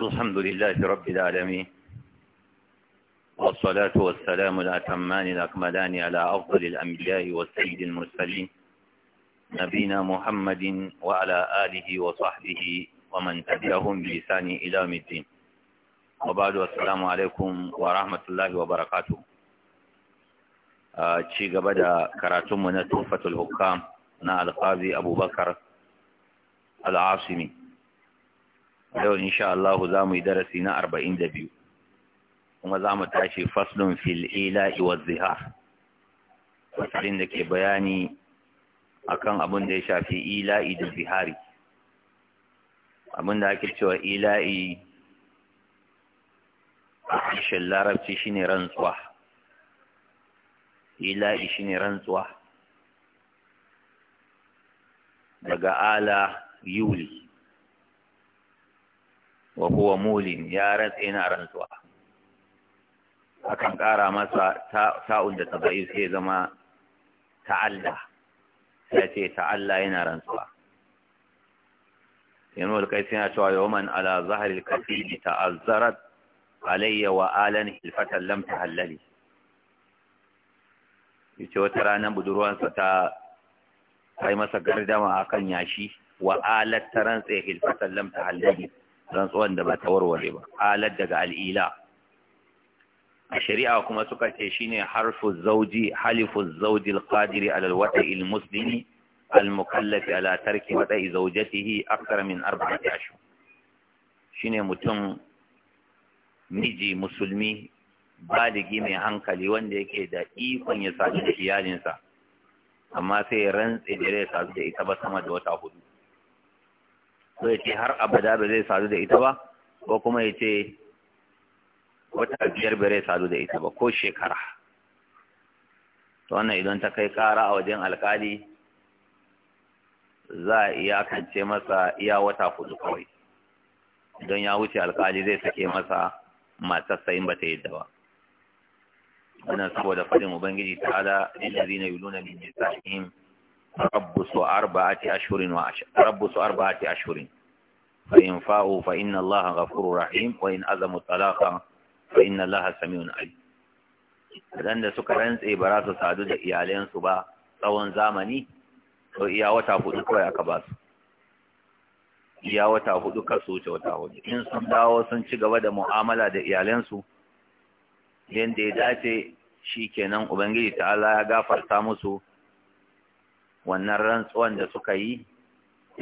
الحمد لله رب العالمين والصلاة والسلام الأتمان الأكملان على أفضل الأنبياء والسيد المرسلين نبينا محمد وعلى آله وصحبه ومن تبعهم بلسان إلى الدين وبعد السلام عليكم ورحمة الله وبركاته ci gaba da karatunmu na tufatul hukam na alƙazi abubakar al'asimi yau insha Allah za mu yi darasi na arba'in da biyu kuma za mu tashi faslun fil ila'i wa zihar fasalin da ke bayani akan abin da ya shafi ila'i da zihari abin da ake cewa ila'i a larabci shine rantsuwa ila'i shine rantsuwa daga ala yuli wa kowa mulin ya rantsa yana rantsuwa akan ƙara masa sa'un da tabayu sai zama ta'alla sai ce ta'alla yana rantsuwa yanu da kai suna cewa yawman ala zaharil kafiri ta'azzarat alayya wa alan lamta lam tahallali ce wata ranar budurwansa ta kai masa gardama akan yashi wa alat rantse hilfatan lamta tahallali rantsuwan da ba ta warware ba alat daga al'ila a shari'a kuma suka ce shine harfu zauji halifu zauji alqadiri ala alwata'i almuslimi almukallafi ala tarki wata zawjatihi akthar min arba'ati ashhur shine mutum miji musulmi baligi mai hankali wanda yake da ikon ya sadu da iyalinsa amma sai ya rantse da ya sadu da ita ba sama da wata hudu ko ya ce har abada ba zai sadu da ita ba ko kuma ya ce wata biyar ba zai sadu da ita ba ko shekara to wannan idan ta kai kara a wajen alkali za a kance masa iya wata hudu kawai idan ya wuce alkali zai sake masa matarsa in ba ta yadda ba wannan saboda fadin ubangiji zina lillazina yuluna min nisa'ihim su arba'ati ashhurin wa rabbusu arba'ati ashirin. فإن فاؤوا فإن الله غفور رحيم وإن أزموا الطلاق فإن الله سميع عليم da suka rantse ba za su sadu da iyalansu ba tsawon zamani to iya wata hudu kawai aka ba su iya wata hudu ka su wuce wata hudu in sun dawo sun ci gaba da mu'amala da iyalansu yadda ya dace shi kenan ubangiji ta'ala ya gafarta musu wannan rantsuwan da suka yi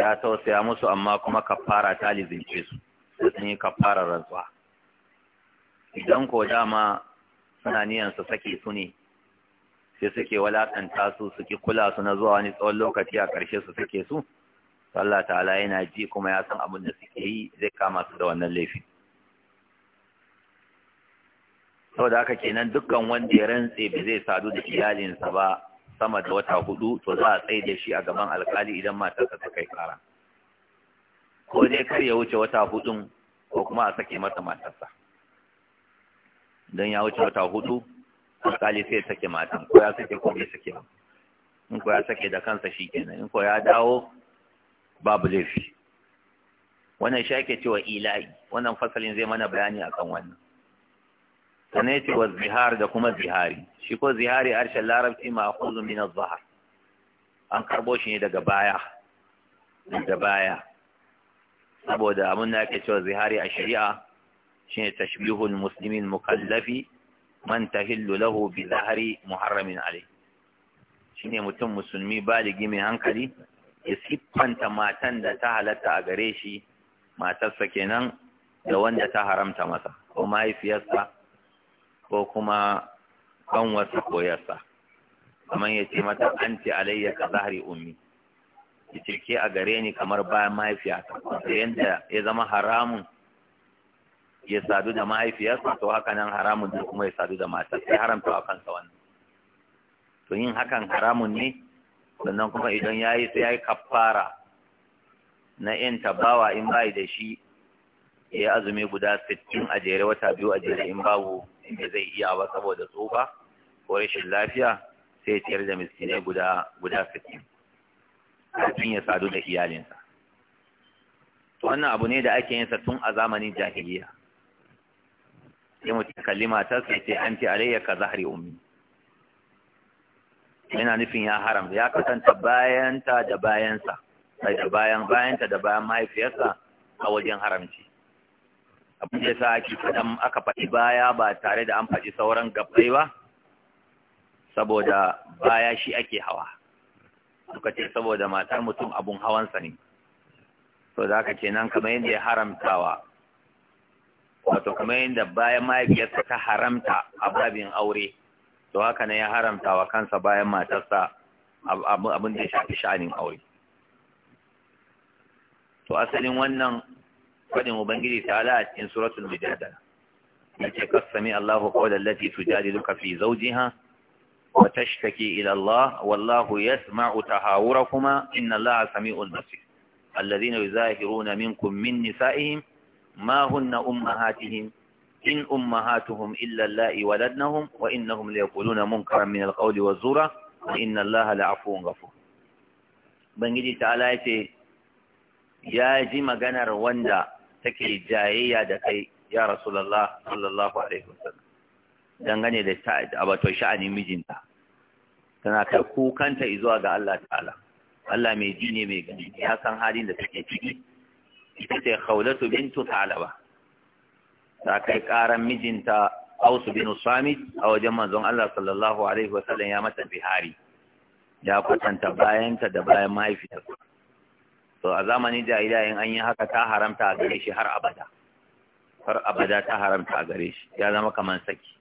ya tausaya musu amma kuma kafara ta lizince su da sun yi kafarar rantsuwa idan ko dama suna niyan su sake su ne sai suke walakanta su suke kula su na zuwa wani tsawon lokaci a ƙarshe su suke su Allah ta'ala yana ji kuma ya san abin da suke yi zai kama su da wannan laifi saboda haka kenan dukkan wanda ya rantse ba zai sadu da iyalinsa ba sama da wata hudu to za a tsaye da shi a gaban alkali idan matarsa ta kai kara ko dai kar ya wuce wata hudun ko kuma a sake masa matarsa don ya wuce wata hudu alkali sai sake matan ko ya sake ko bai sake ba in ko ya sake da kansa shi kenan in ko ya dawo babu laifi wannan shi ake cewa ila'i wannan fasalin zai mana bayani akan wannan sannan ce wa zihar da kuma zihari shi ko zihari harshen larabci ma'khuzun min az-zahar an karbo shi ne daga baya daga baya saboda abin da ake cewa zihari a shari'a shine tashbihul musulmin mukallafi man tahillu lahu bi zahari muharramin alai ne mutum musulmi baligi mai hankali ya siffanta matan da ta halatta a gare shi matarsa kenan da wanda ta haramta masa ko mahaifiyarsa ko kuma kan ko koyarsa, kamar ya ce mata an ce alayya ka zahari ummi ya cike a gare ni kamar bayan mahaifiyata da yadda ya zama haramun ya sadu da mahaifiyarsa to haka nan haramun da kuma ya sadu da mata sai haramta a kansa wannan to yin hakan haramun ne sannan kuma idan ya yi sai ya yi kafara na 'yan tabawa in bai da shi ya azumi guda sittin a jere wata biyu a jere in babu lokacin da zai iya ba saboda tsufa ko rashin lafiya sai ciyar da miskinai guda guda sittin kafin ya sadu da iyalinsa to wannan abu ne da ake yin sa tun a zamanin jahiliya sai mutum kalli matarsa sai ce an ce alayya ka zahari ummi yana nufin ya haram, ya kasanta bayanta da bayansa bayan bayanta da bayan mahaifiyarsa a wajen haramci abin da sa ake faɗan aka faɗi baya ba tare da an faɗi sauran gabai ba saboda baya shi ake hawa suka ce saboda matar mutum abun hawansa ne to da aka ce nan kamar yadda ya haramtawa wato kamar yadda bayan mahaifiyarsa ta haramta a babin aure to haka ne ya haramta wa kansa bayan matarsa abin da ya shafi sha'anin aure to asalin wannan fadin ubangiji ta'ala a cikin suratul mujadala yace kasami Allahu su allati tujadiluka fi zawjiha wa tashtaki ila Allah wallahu yasma'u tahawurakuma inna Allaha sami'ul basir alladhina yuzahiruna minkum min nisa'ihim ma hunna ummahatihim in ummahatuhum illa allati waladnahum wa innahum layaquluna munkaran min alqawli wazura wa inna Allaha la'afuwun ghafur bangiji ta'ala yace ya ji maganar wanda take jayayya da kai ya rasulallah sallallahu alaihi wasallam dangane da abato sha'anin mijinta tana kai kukanta zuwa ga Allah ta'ala Allah mai ji ne mai gani ya san halin da take ciki ita ce khawlatu bintu talaba ta kai karan mijinta Aus bin Usamid a wajen manzon Allah sallallahu alaihi wasallam ya mata bihari ya kwatanta bayanta da bayan mahaifiyarsa to a zamanin jahiliya in an yi haka ta haramta a gare shi har abada har abada ta haramta a gare shi ya zama kamar saki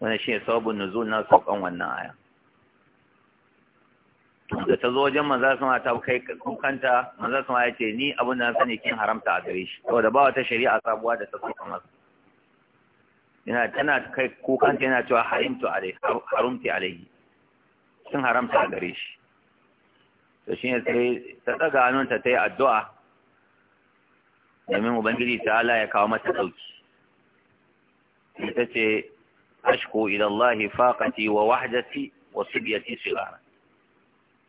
wannan shine sababin nuzul na saukan wannan aya da ta zo wajen manzan sama ta kai kukanta manzan sama ya ce ni abin da na sani kin haramta a gare shi saboda ba wata shari'a sabuwa da ta saukan masu yana tana kai kukanta yana cewa harimtu alai sun haramta a gare shi to shi ne sai ta ɗaga hannunta ta yi addu'a domin ubangiji ta ala ya kawo mata ɗauki ita ce ashko ilallahi faƙati wa wahdati wa subiyati sigara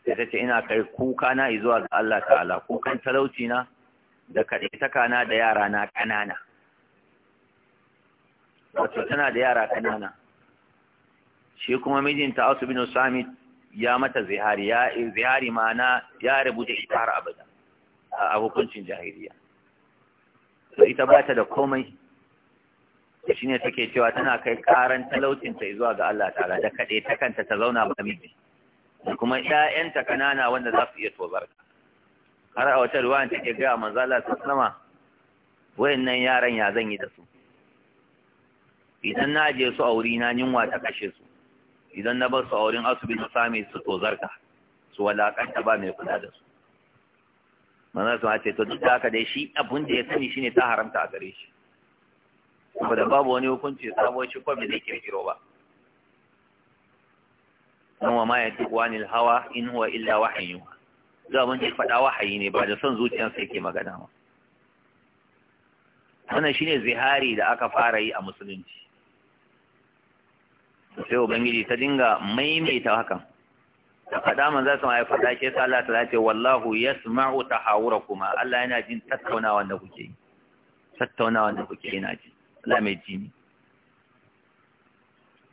ita ce ina kai kuka na zuwa ga Allah ta'ala kukan talauci na da ta kana da yara na ƙanana wato tana da yara ƙanana shi kuma mijinta asu bin samit ya mata zihari ya zihari ma'ana ya rubuta ita har abada a hukuncin jahiliya to ita ba ta da komai shi ne take cewa tana kai karan talaucinta zuwa ga Allah ta'ala da kade ta kanta ta zauna ba miji kuma ƴaƴanta kanana wanda za su iya tobar har a wata ruwan take ga manzo Allah sama wayannan yaran ya zan yi da su idan na je su a wuri na yunwa ta kashe su idan na bar su a wurin asibiti na same su tozarka su walakanta ba mai kula da su mana su ce to duk da haka dai shi abin da ya sani ne ta haramta a gare shi da babu wani hukunci sabo shi ko bai zai kirkiro ba Nan wa ma wa ni hawa in huwa illa wahyu zuwa mun ji faɗa wahayi ne ba da son zuciyarsa yake magana ba wannan shine zihari da aka fara yi a musulunci sai ubangiji ta dinga maimaita hakan ta faɗa man za su ma ya faɗa shi ta Allah ta ce wallahu yasma'u tahawura kuma Allah yana jin tattaunawa da kuke yi tattaunawa da kuke yana ji Allah mai ji ne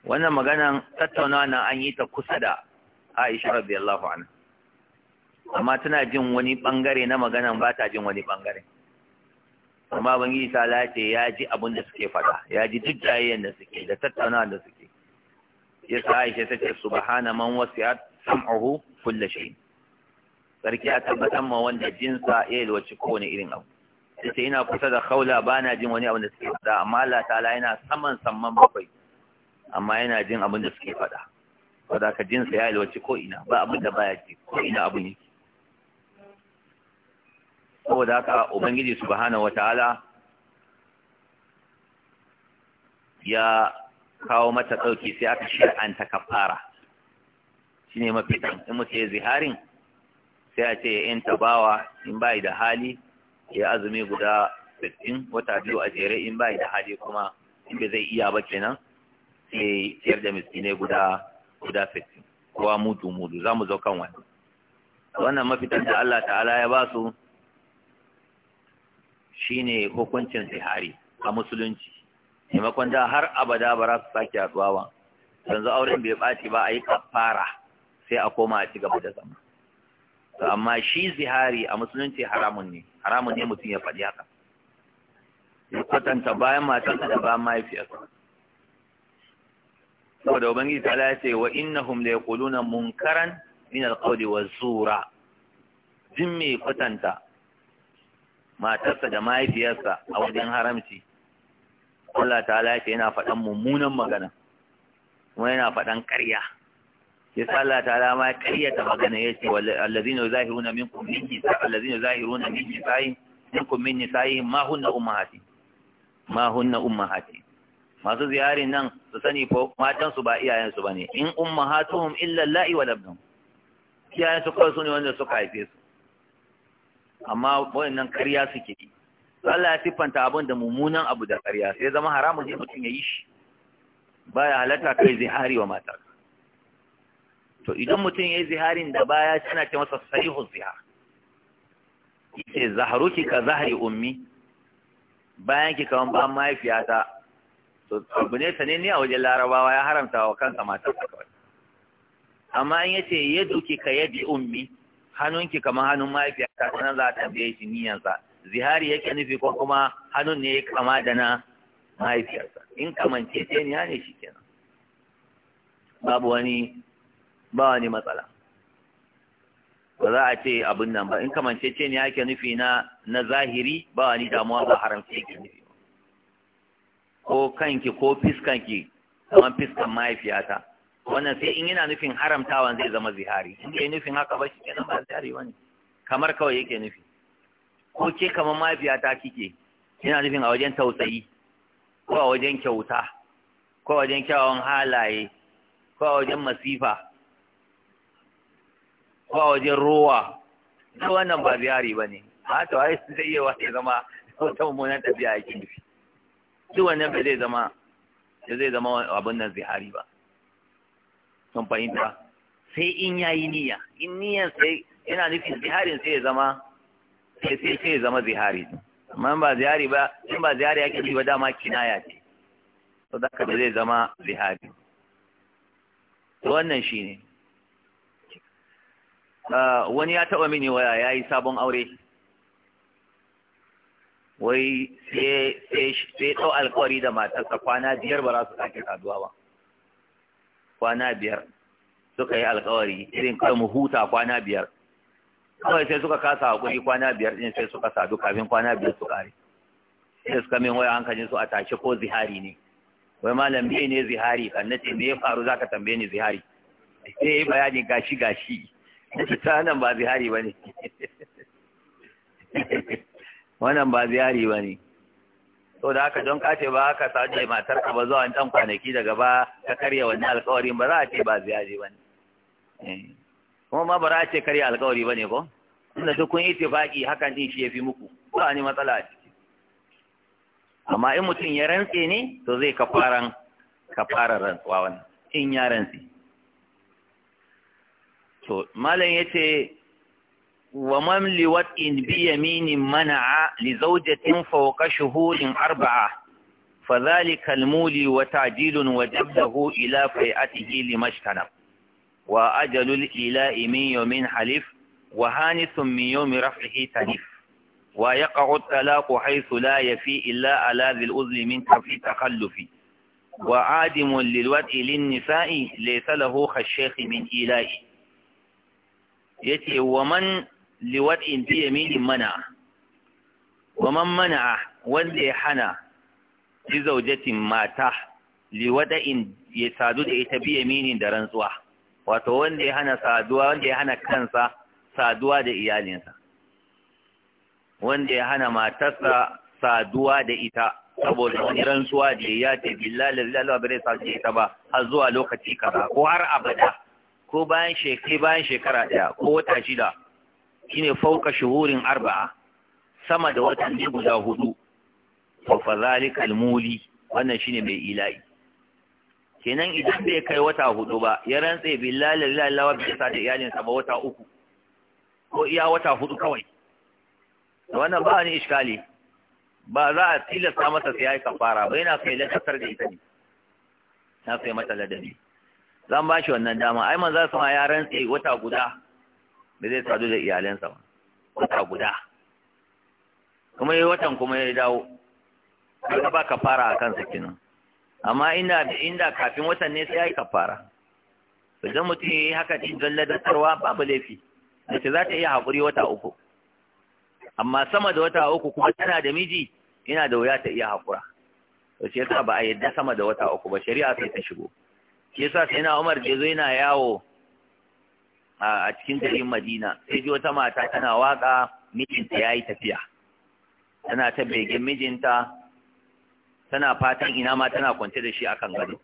wannan magana tattaunawa nan an yi ta kusa da Aisha radiyallahu anha amma tana jin wani bangare na maganan ba ta jin wani bangare amma bangi ta ya ce ya ji abin da suke faɗa ya ji duk jayayyen da suke da tattaunawa da suke ya sa aisha ta ce subhana man wasi'at sam'uhu kullu shay sarki ya tabbatar ma wanda jinsa ya yalwaci kowane irin abu ce ina kusa da khawla bana jin wani abu da suke faɗa amma Allah ta'ala yana saman samman bakwai amma yana jin abin da suke faɗa saboda ka jinsa ya yalwaci ko ina ba abin da baya ji ko ina abu ne saboda haka ubangiji subhanahu wataala ya kawo mata ɗauki sai aka shir'anta kafara shi ne mafitan in mutu ya ziharin sai a ce ya yanta bawa in bayi da hali ya azumi guda 60 wata biyu a jere in bayi da hali kuma in bai zai iya ba kenan sai ciyar da miskinai guda guda 60 kowa mudu mudu za mu zo kan wani wannan ɗan da Allah ta'ala ya ba su shine hukuncin zihari a musulunci maimakon da har abada ba za su sake haɗuwa ba yanzu auren bai ɓaci ba a yi kafara sai a koma a ci gaba da zama to amma shi zihari a musulunci haramun ne haramun ne mutum ya faɗi haka ya kwatanta bayan matarsa da bayan mahaifiyarsa saboda ubangiji ta ya ce wa innahum la yaquluna munkaran min alqawli wa zura din me kwatanta matarsa da mahaifiyarsa a wajen haramci Allah ta'ala ya ce yana faɗan mummunan magana kuma yana faɗan ƙarya ya sa Allah ta'ala ma ya ta magana ya ce allazina zahiru na min nisa allazina min nisa'i minkum min nisa'i ma hunna ummahati ma hunna ummahati masu ziyarin nan su sani ko matansu ba iyayensu ba ne. in ummahatuhum illa la'i wal abnum Iyayensu kawai su ne wanda suka haife su amma nan ƙarya suke yi to Allah ya siffanta abin da mummunan abu da ƙarya sai zama haramun ne mutum ya yi shi Ba ya halatta kai zihari wa mata to idan mutum ya yi ziharin da baya tana ce masa ziha zihar ce zaharuki ka zahari ummi bayan ki kawan ba mahaifiyata to abu ne sane ne a wajen larabawa ya haramta wa kansa mata kawai amma in yace yadu ki ka yadi ummi hannunki kamar hannun mahaifiyata sanan za ta tambaye shi niyansa zihari yake nufi ko kuma hannun ne ya kama da na mahaifiyarsa in kamance ce ne ne shi kenan babu wani ba wani matsala ba za a ce abin nan ba in kamance ce ne yake nufi na na zahiri ba wani damuwa ba haramci yake nufi ko kanki ko fiskanki kamar fiskan mahaifiyata wannan sai in yana nufin haramtawan zai zama zihari in yi nufin haka ba shi kenan ba zihari wani kamar kawai yake nufi ko ke kamar mahaifiyata kike ina nufin a wajen tausayi ko a wajen kyauta ko a wajen kyawawan halaye ko a wajen masifa ko a wajen rowa na wannan ba biyari ba ne a ta waye zai iya wace zama wata mummunan tafiya a cikin nufi su wannan ba zai zama da zai zama abin nan zihari ba sun fahimta sai in ya yi niyya in niyyan sai yana nufin ziharin sai ya zama sai sai sai zama zihari amma ba zihari ba in ba zihari ake ji ba dama kinaya ce to da ka zai zama zihari to wannan shine ah, wani ya taba mini waya yayi sabon aure wai sai sai sai dau alƙawari da matarsa kwana biyar ba za su sake saduwa ba kwana biyar suka yi alƙawari irin kai mu huta kwana biyar kawai sai suka kasa hakuri kwana biyar din sai suka sadu kafin kwana biyar su kare sai suka min waya hankalin su a tashi ko zihari ne wai malam me ne zihari kan nace me ya faru zaka tambaye ni zihari sai yayi bayani gashi gashi nace ta nan ba zihari bane wannan ba zihari bane to da haka don kace ba haka saje matar ka ba zuwa dan kwanaki daga ba ka karya wannan alƙawarin ba za a ce ba zihari bane eh. kuma ma a ce karya alkawari ba ne ko inda su kun ittifaqi hakan din shi ya fi muku ba ni matsala a ciki amma in mutum ya rantse ne to zai kafaran kafaran rantsuwa wannan in ya rantse to malam ce wa Mamli man in bi yaminin mana'a li tun fawqa shuhurin arba'a فذلك المولي وتعجيل وجبله إلى فيئته لما اجتنب wa ajalul ila'i min yawmin halif wa hanisun min yawmi raf'ihi tanif wa yaqa'u talaqu haythu la yafi illa ala dhil uzli min tafi takhallufi wa adimun lil wad'i lin nisa'i laysa lahu khashayhi min ila'i yace wa man mana wa man mana wanda ya hana li mata ya sadu da ita da rantsuwa wato wanda ya hana saduwa wanda ya hana kansa saduwa da iyalinsa wanda ya hana matarsa saduwa da ita saboda wani rantsuwa da ya ce billahi lillahi ba zai sadu da ita ba har zuwa lokaci kaza ko har abada ko bayan shekara bayan shekara daya ko wata shida shine fauka shuhurin arba'a sama da watanni guda hudu fa zalikal muli wannan shine mai ila'i kenan idan bai kai wata hudu ba ya rantse billahi lillahi lawa bi sa da iyalinsa ba wata uku ko iya wata hudu kawai wannan ba ni iskali ba za a tilasta masa sai ai kafara ba yana kai lakatar da ita ne na kai mata ladabi zan ba shi wannan dama ai manzo ma ya rantse wata guda ba zai sadu da iyalinsa? ba wata guda kuma yayi watan kuma ya dawo ba ka fara akan sa amma inda inda kafin watan ne sai ya yi kafara idan mutum ya yi haka din don ladatarwa babu laifi ce za ta iya haƙuri wata uku amma sama da wata uku kuma tana da miji ina da wuya ta iya haƙura to shi yasa ba a yadda sama da wata uku ba shari'a sai ta shigo shi yasa sai na Umar je zo yana yawo a cikin garin Madina sai ji wata mata tana waka mijinta yayi tafiya tana ta begen mijinta tana fatan ina ma tana kwance da shi akan gado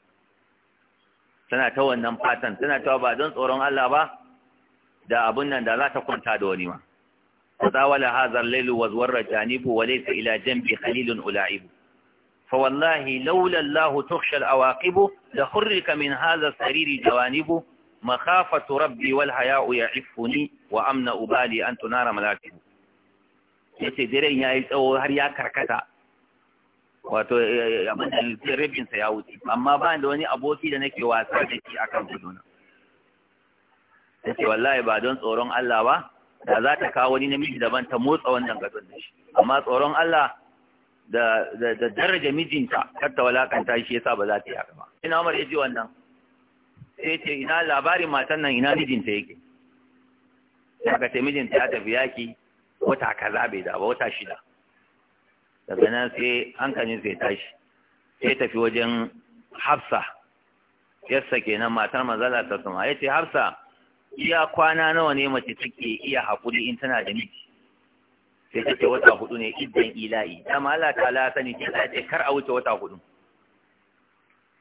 tana ta wannan fatan tana ta ba don tsoron Allah ba da abun nan da za ta kwanta da wani ma tawala hadha lailu layl wa zwarra janibu wa laysa ila khalilun ula'ibu fa wallahi laula Allah tukhsha al-awaqibu la min hadha sariri jawanibu makhafatu rabbi wal haya'u ya'ifuni wa amna ubali an tunara malakibu yace daren yayi tsawo har ya karkata wato eh, eh, eh, abin rabin sa ya wuce amma ba da wani aboki da nake wasa da shi akan guduna ce wallahi ba don tsoron Allah ba da za ta kawo wani namiji daban ta motsa wannan gadon da shi amma tsoron Allah da da daraja mijinta kar ta walakanta shi yasa ba za ta yi haka ba ina Umar yaji wannan sai ce ina labarin matan nan ina mijinta yake daga ce mijinta ya tafi yaki wata kaza bai da ba wata shida daga nan sai hankalin sai tashi sai tafi wajen hafsa yassa kenan matar manzala ta suma ya ce hafsa iya kwana nawa ne mace take iya haƙuri in tana da miji sai ta ce wata hudu ne idan ila'i dama Allah ta lasa ne ta ce kar a wuce wata hudu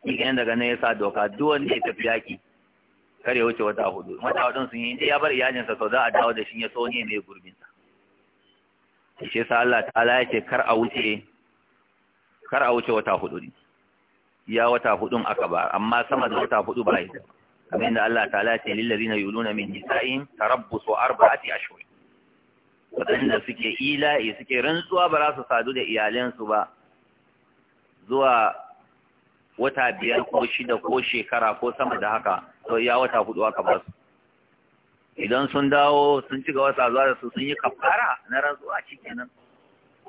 idan daga nan ya sa doka duk wanda ya tafi yaki kar ya wuce wata hudu wata hudun sun yi ya bar iyalinsa sau za a dawo da shi ya so ne mai gurbinsa shi sa Allah ta'ala ya ce kar a wuce kar a wuce wata hudu ne ya wata hudun aka ba amma sama da wata hudu ba yi kamar da Allah ta'ala ya ce lil ladina yuluna min nisa'in tarabbusu arba'ati ashhur wadanda suke ila'i suke rantsuwa ba za su sadu da iyalansu ba zuwa wata biyar ko shida ko shekara ko sama da haka to ya wata hudu aka ba su idan sun dawo sun ci gaba sazuwa da su sun yi kafara na rantsuwa shikenan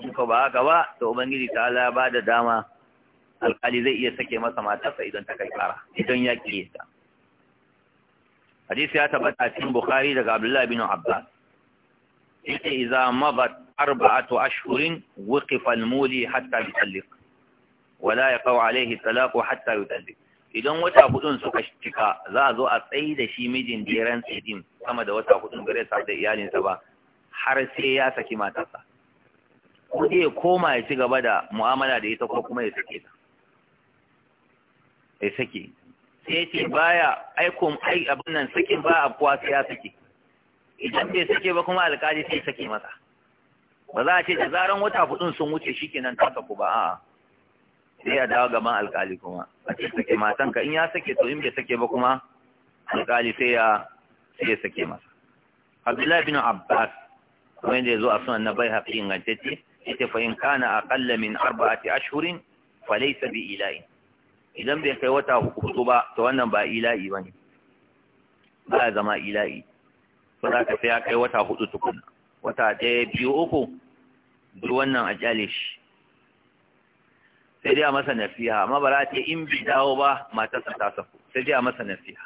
in ko ba haka ba to ubangiji ta Allah ya bada dama alkali zai iya sake masa matarsa idan ta kai fara idan ya kiye ta hadisi ya tabbata cikin bukhari daga abdullahi bin abbas yace idza mabat arba'atu ashhurin wuqifa al-muli hatta yutalliq wala yaqaw alayhi الطلاق hatta yutalliq idan wata hudun suka cika za a zo a tsayi da shi mijin da tsidin sama da wata hudun gare sa da iyalinsa ba har sai ya saki matarsa ko ya koma ya ci gaba da mu'amala da ita ko kuma ya sake ta ya sake sai ce baya aikon ai abin nan sakin ba abuwa sai ya sake idan bai sake ba kuma alƙali sai sake masa ba za a ce da zaran wata hudun sun wuce shikenan ta saku ba a'a sai ya dawo gaban alkali kuma a ce sake matanka in ya sake to in bai sake ba kuma alkali sai ya sai sake masa abdullahi bin abbas wanda ya zo a sunan na bai haƙi ingantacce ita fa in kana aqalla min arba'ati ashhurin falaysa bi ila'i idan bai kai wata hudu ba to wannan ba ila'i bane ba zama ila'i ba za ka sai ya kai wata hudu tukuna wata ɗaya biyu uku duk wannan a jale shi sai dai a masa nasiha amma ba za ta in bi dawo ba matarsa ta saku sai dai a masa nasiha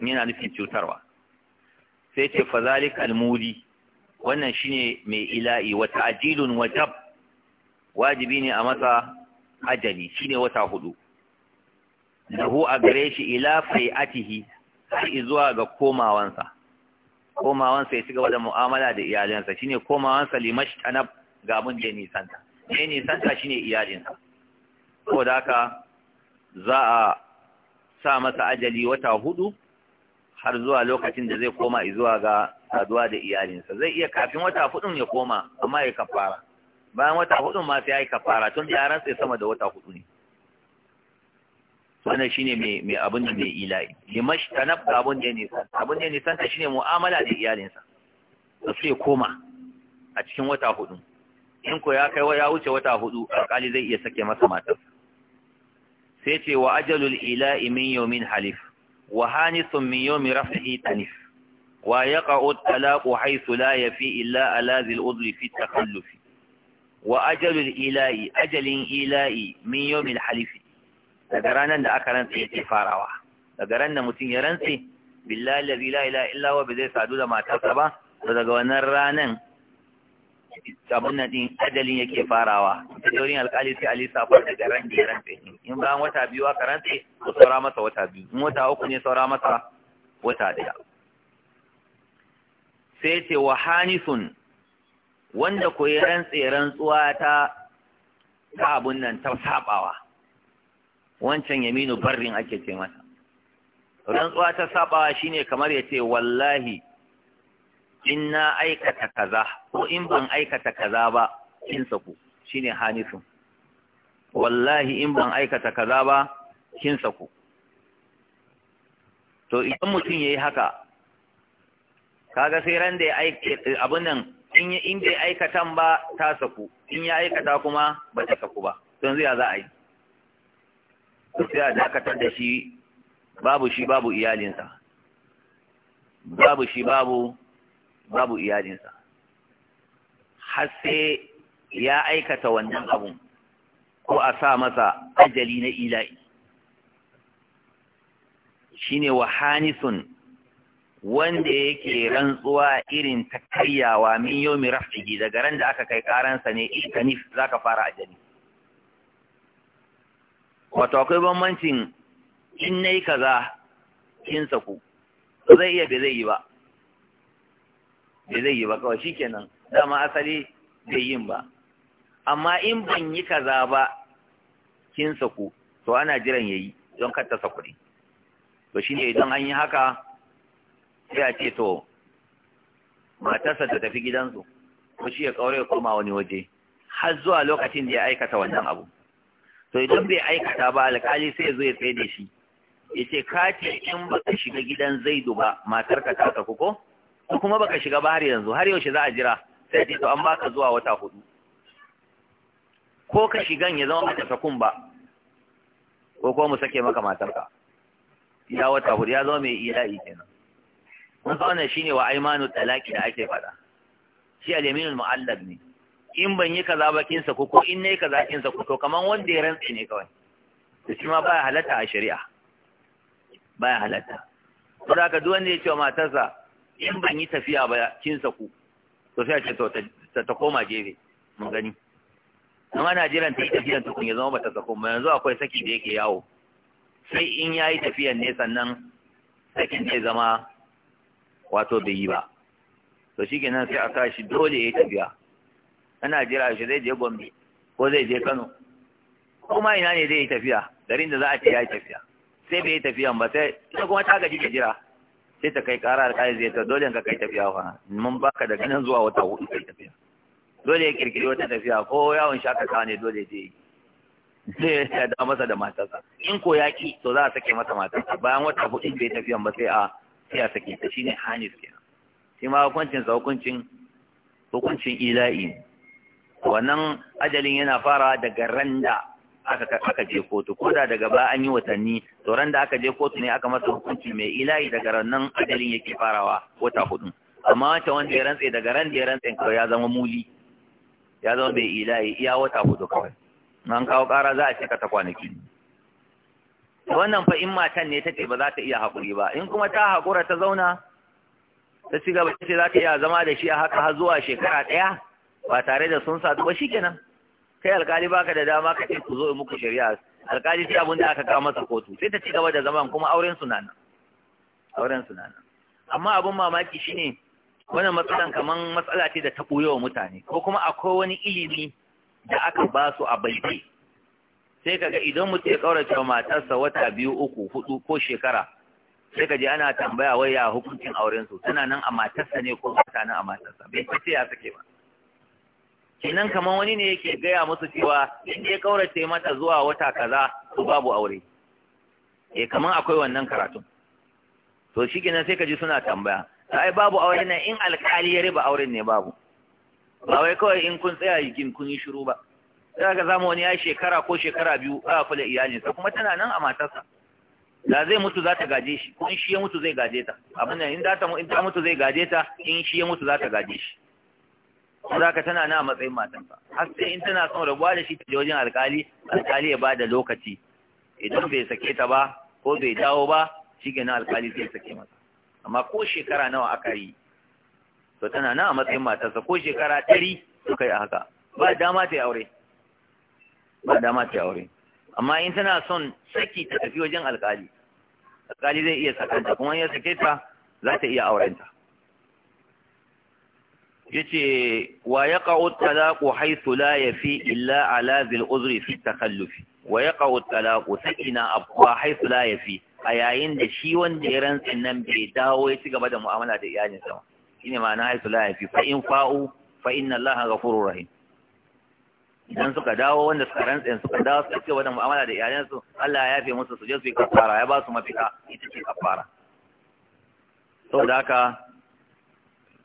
yana nufin cutarwa sai ce fazalik almuli wannan shine mai ila'i Wata ajilun wajab wajibi ne a masa ajali shine wata hudu hu a gare shi ila fai'atihi har zuwa ga komawansa komawansa ya ci gaba da mu'amala da iyalinsa shine komawansa limash tanab ga abin da ya nisanta ya nisanta shine iyalinsa saboda haka za a sa masa ajali wata hudu har zuwa lokacin da zai koma zuwa ga saduwa da iyalinsa zai iya kafin wata hudun ya koma amma ya kafara bayan wata hudun ma sai ya yi kafara tun da yaran sai sama da wata hudu ne wannan shine mai mai abin da mai ilahi limash tanab abun da ne san abun da ne san ta shine mu'amala da iyalinsa da sai koma a cikin wata hudu in ko ya kai ya wuce wata hudu alƙali zai iya sake masa matarsa sai ce wa ajalul ila'i min yawmin halif wa hanisun min yawmi raf'ihi tanif wa yaqa'u talaqu haythu la yafi illa ala zil udli fi takallufi wa ajalul ila'i ajalin ila'i min yawmin halif daga ranan da aka rantsa yake farawa daga ran da mutum ya rantse billahi la Ila'ila illa huwa bai zai sadu da matarsa ba daga wannan ranan abin nan din ajalin yake farawa da alkali sai ali safa daga ran da ran in ba wata biyu aka rantse ko saura masa wata biyu in wata uku ne saura masa wata daya sai ce wa hanisun wanda ko ya rantse rantsuwa ta ta abun nan ta sabawa wancan yaminu barrin ake ce masa rantsuwa ta sabawa shine kamar ya ce wallahi in na aikata kaza ko in ban aikata kaza ba kin saku shine hanifin wallahi in ban aikata kaza ba kin saku to idan mutum yayi haka kaga sai ran da ya aikata abun nan in ya in bai aikatan ba ta saku in ya aikata kuma ba ta saku ba don zai za a yi sai a dakatar da shi babu shi babu iyalinsa babu shi babu babu iyalinsa har sai ya aikata wannan abun ko a sa masa ajali na ila'i shine wahanisun wanda yake rantsuwa irin ta karyawa min yomi rafihi daga ran da aka kai karansa ne za ka fara ajali wato akwai bambancin in na yi kaza kin ku zai iya bai zai yi ba bai zai yi ba kawai kenan. dama asali bai yin ba amma in ban yi kaza ba kin saku to ana jiran yayi don kar ta saku ne to shine idan an yi haka sai a ce to matarsa ta tafi gidansu ko shi ya kaure koma wani waje har zuwa lokacin da ya aikata wannan abu to idan bai aikata ba alkali sai zo ya tsaye da shi ya ce ka ce in baka shiga gidan zaidu ba matarka ta saku ko ko kuma baka shiga ba har yanzu har yaushe za a jira sai ce to an baka zuwa wata hudu ko ka shigan ya zama maka sakun ba ko ko mu sake maka matarka ya wata hudu ya zama mai ila'i kenan mun fa wannan shine wa aymanu talaki da ake fada shi al-yaminul mu'allab ne in ban yi kaza ba kin ko ko in nayi kaza kin sa ko to kaman wanda ya rantsi ne kawai to shi ma baya halatta a shari'a baya halatta saboda ka duk wanda ya ce wa matarsa in ban yi tafiya ba kin ku. to sai ce to ta koma gefe mun gani amma Najeriya ta yi tafiyan tukun ya zama bata sako ba yanzu akwai saki da yake yawo sai in ya yi tafiyan ne sannan sakin zai zama wato bai yi ba to kenan sai a tashi dole ya yi tafiya ana jira shi zai je Gombe ko zai je Kano Kuma ina ne zai yi tafiya garin da za a ce ya yi tafiya sai bai yi tafiyan ba sai ita kuma ta gaji da jira sai ta kai ƙara alƙali zai ta dole ka kai tafiya fa mun baka da ganin zuwa wata hudu kai tafiya dole ya kirkiri wata tafiya ko yawon shakatawa ne dole yi. sai ya da masa da matarsa in ko ya ki to za a sake masa matarsa bayan wata hudu bai tafiya ba sai a sai a sake ta shine hanis kenan shi ma hukuncin sa hukuncin hukuncin ila'i wannan ajalin yana fara daga randa aka je kotu ko da daga ba an yi watanni to ran da aka je kotu ne aka masa hukunci mai ilahi daga rannan ajalin yake farawa wata hudu amma wancan wanda ya rantse daga ran da ya rantse kawai ya zama muli ya zama bai ilahi iya wata hudu kawai an kawo kara za a cika ta kwanaki wannan fa in matan ne ta ce ba za ta iya haƙuri ba in kuma ta haƙura ta zauna ta ci gaba ta ce za ta iya zama da shi a haka har zuwa shekara ɗaya ba tare da sun sadu ba shikenan kai alkali baka da dama ka ce ku zo muku shari'a alkali sai abin da aka kawo masa kotu sai ta ci gaba da zaman kuma auren su nana auren su nana amma abin mamaki shine wannan matsalan kaman matsala ce da ta wa mutane ko kuma akwai wani ilimi da aka ba su a baiti sai kaga idan mutum ya kaurace matarsa wata biyu uku hudu ko shekara sai ka ana tambaya wai ya hukuncin auren su tana nan a matarsa ne ko ba nan a matarsa bai fice ya sake ba kenan kamar wani ne yake gaya musu cewa in ya kaurace mata zuwa wata kaza to babu aure eh kamar akwai wannan karatu to shi kenan sai ka ji suna tambaya ai babu aure nan in alkali ya riba auren ne babu ba wai kawai in kun tsaya yikin kun yi shiru ba sai ka zama wani ya shekara ko shekara biyu ba kula iyalinsa kuma tana nan a matarsa da zai mutu za ta gaje shi ko in shi ya mutu zai gaje ta abin nan in ta mutu zai gaje ta in shi ya mutu za ta gaje shi za ka tana na a matsayin matansa har sai in tana son rabuwa da shi ta wajen alkali alkali ya ba da lokaci idan bai sake ta ba ko bai dawo ba shi ke na alkali zai sake masa amma ko shekara nawa aka yi to tana na a matsayin matarsa ko shekara ɗari suka yi a haka ba dama ta yi aure ba dama ta yi aure amma in tana son saki ta tafi wajen alkali alkali zai iya sakanta kuma in ya sake ta za ta iya aurenta yace wa yaqa'u talaqu haythu la yafi illa ala zil uzri fi takalluf wa yaqa'u talaqu sakina abwa haythu la yafi a da shi wanda ya rantsa nan bai dawo ya ci gaba da mu'amala da iyalin sa shine ma'ana haythu la yafi fa in fa'u fa inna allaha ghafurur rahim idan suka dawo wanda suka rantsa suka dawo suka ci gaba da mu'amala da iyalin su Allah ya yafe musu su je su yi kafara ya ba su mafita ita ce kafara saboda haka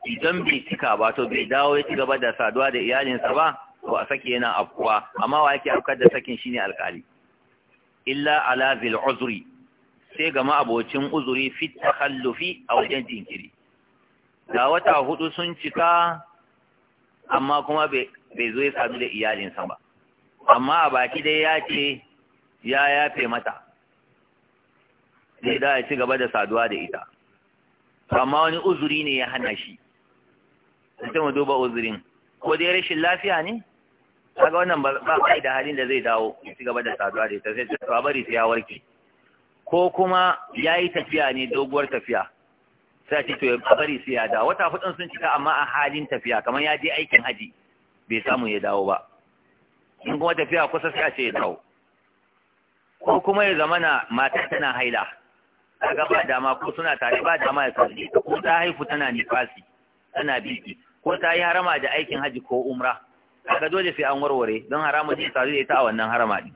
idan bai cika ba to bai dawo ya ci gaba da saduwa da iyalinsa ba to a sake yana afkuwa amma wa yake afkar da sakin shine alkali illa ala zil uzri sai ga ma'abocin uzuri fi takhallufi a wajen jinkiri da wata hudu sun cika amma kuma bai zo ya sadu da iyalinsa ba amma a baki dai ya ce ya yafe mata zai da ya ci gaba da saduwa da ita amma wani uzuri ne ya hana shi sai mu duba uzurin ko dai rashin lafiya ne kaga wannan ba kai da halin da zai dawo ya ci gaba da saduwa da ita sai ta bari sai ya warke ko kuma yayi tafiya ne doguwar tafiya sai ce to ya bari sai ya dawo wata hudun sun cika amma a halin tafiya kamar ya je aikin haji bai samu ya dawo ba in kuma tafiya kusa sai ce ya dawo ko kuma ya zamana mata tana haila kaga ba dama ko suna tare ba dama ya sadu ko ta haifu tana nifasi tana biki ko ta yi harama da aikin haji ko umra kaga dole sai an warware don haramun zai sadu da ita a wannan harama din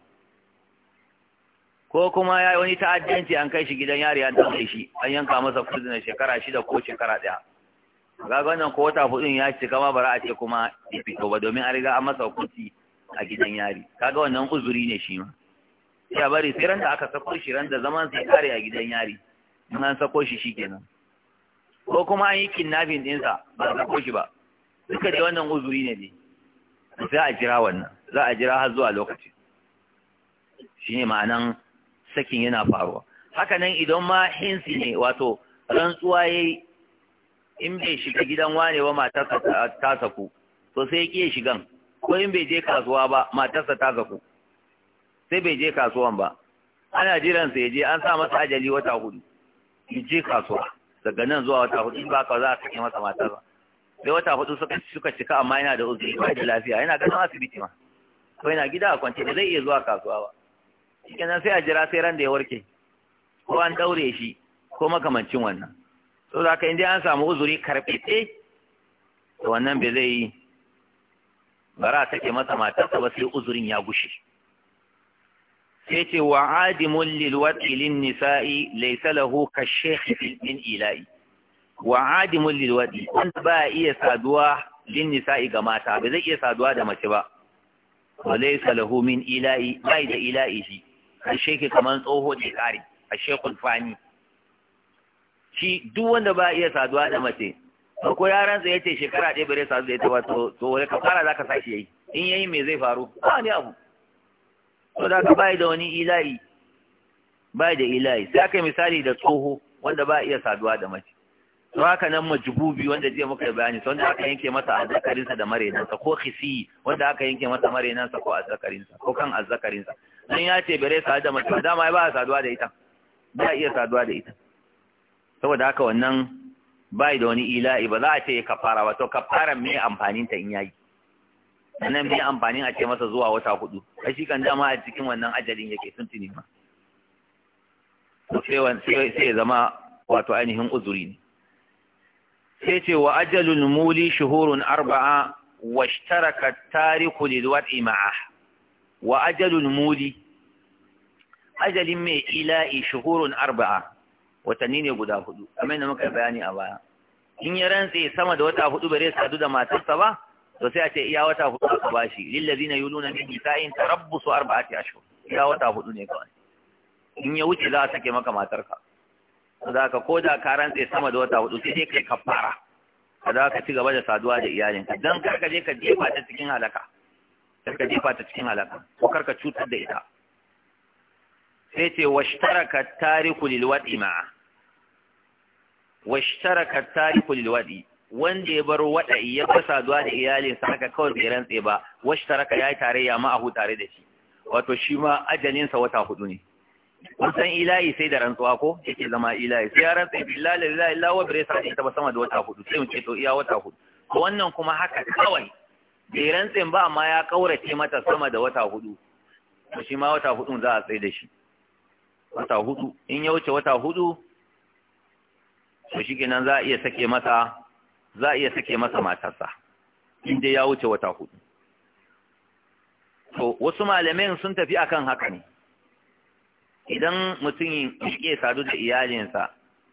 ko kuma ya yi wani ta'addanci an kai shi gidan yari an dauke shi an yanka masa kudin shekara shida ko shekara daya ga wannan ko wata hudun ya cika ma bara a ce kuma ya fito ba domin an riga an masa hukunci a gidan yari kaga wannan uzuri ne shi ma ya bari sai ran da aka sako shi ran da zaman sai kare a gidan yari in an sako shi shikenan ko kuma an yi kidnapping dinsa ba sako shi ba duka dai wannan uzuri ne ne sai a jira wannan za a jira har zuwa lokaci Shi ne ma'anan sakin yana faruwa haka nan idan ma hinsi ne wato rantsuwa ya yi. in bai shiga gidan wane ba matarsa ta saku to sai ya shigan ko in bai je kasuwa ba matarsa ta saku sai bai je kasuwan ba ana jiransa ya je an sa masa ajali wata hudu ya je kasuwa daga nan zuwa wata hudu ba ka za a sake masa matarsa sai wata hudu suka suka cika amma yana da uzuri bai da lafiya yana ganin asibiti ma ko yana gida a kwance da zai iya zuwa kasuwa ba shikenan sai a jira sai ran da ya warke ko an daure shi ko makamancin wannan so da in dai an samu uzuri karfe ce to wannan bai zai yi. bara take masa matarsa ba sai uzurin ya gushe yace ce wa adimul lil wati lin nisa'i laysa lahu ka shaykh fil ila'i wa adimun lilwadi wanda ba iya saduwa din nisa'i ga mata ba zai iya saduwa da mace ba wa laysa lahu min ila'i bai da ila'i shi an sheke kaman tsoho da kare a shekul fani shi duk wanda ba iya saduwa da mace ko yaran sa yace shekara ɗaya bare saduwa da ita ba to wai ka fara zaka sashi yayi in yayi me zai faru ba ne abu to da ka bai da wani ila'i bai da ila'i sai aka misali da tsoho wanda ba iya saduwa da mace to haka nan majbubi wanda jiya muka bayani to wanda aka yanke masa azzakarin sa da marenan sa ko khisi wanda aka yanke masa marenan sa ko azzakarin sa ko kan azzakarin sa dan ya ce bare sa da mace dama ba saduwa da ita ba iya saduwa da ita saboda haka wannan bai da wani ila'i ba za a ce kafara ba to kafara me amfanin ta in yayi nan me amfanin a ce masa zuwa wata hudu kai shi kan dama a cikin wannan ajalin yake sun tuni ma sai sai zama wato ainihin uzuri ne sai ce wa ajalul muli shuhurun arba'a wa ishtaraka tariku lil wad'i ma'a wa ajalul muli ajalin mai ila'i shuhurun arba'a watanni ne guda hudu kamar yadda muka bayani a baya in ya rantse sama da wata hudu bare sadu da matarsa ba to sai a ce iya wata hudu aka bashi lillazina yuluna min nisa'in tarabbusu arba'ati ashhur iya wata hudu ne kawai in ya wuce za a sake maka matarka za ka ko da ka rantse sama da wata hudu sai dai kai kafara ka za ka ci gaba da saduwa da iyalinka dan kar ka je ka jefa ta cikin halaka kar ka jefa ta cikin halaka ko kar ka cutar da ita sai ce washtaraka tariku lil wadi ma'a washtaraka tariku lil wadi wanda ya bar wada ya bar saduwa da iyalinsa haka kawai bai rantse ba washtaraka yayi tarayya hu tare da shi wato shi ma sa wata hudu ne kun san ilahi sai da rantsuwa ko yake zama ilahi sai ya rantsa billahi la ilaha illa wa bare sai ta sama da wata hudu sai mu ce to iya wata hudu to wannan kuma haka kawai bai rantsa ba amma ya kaurace mata sama da wata hudu to shi ma wata hudu za a tsaye da shi wata hudu in ya wuce wata hudu to shi kenan za a iya sake masa za a iya sake masa matarsa in dai ya wuce wata hudu to wasu malamin sun tafi akan haka ne idan mutum ya sadu da iyalinsa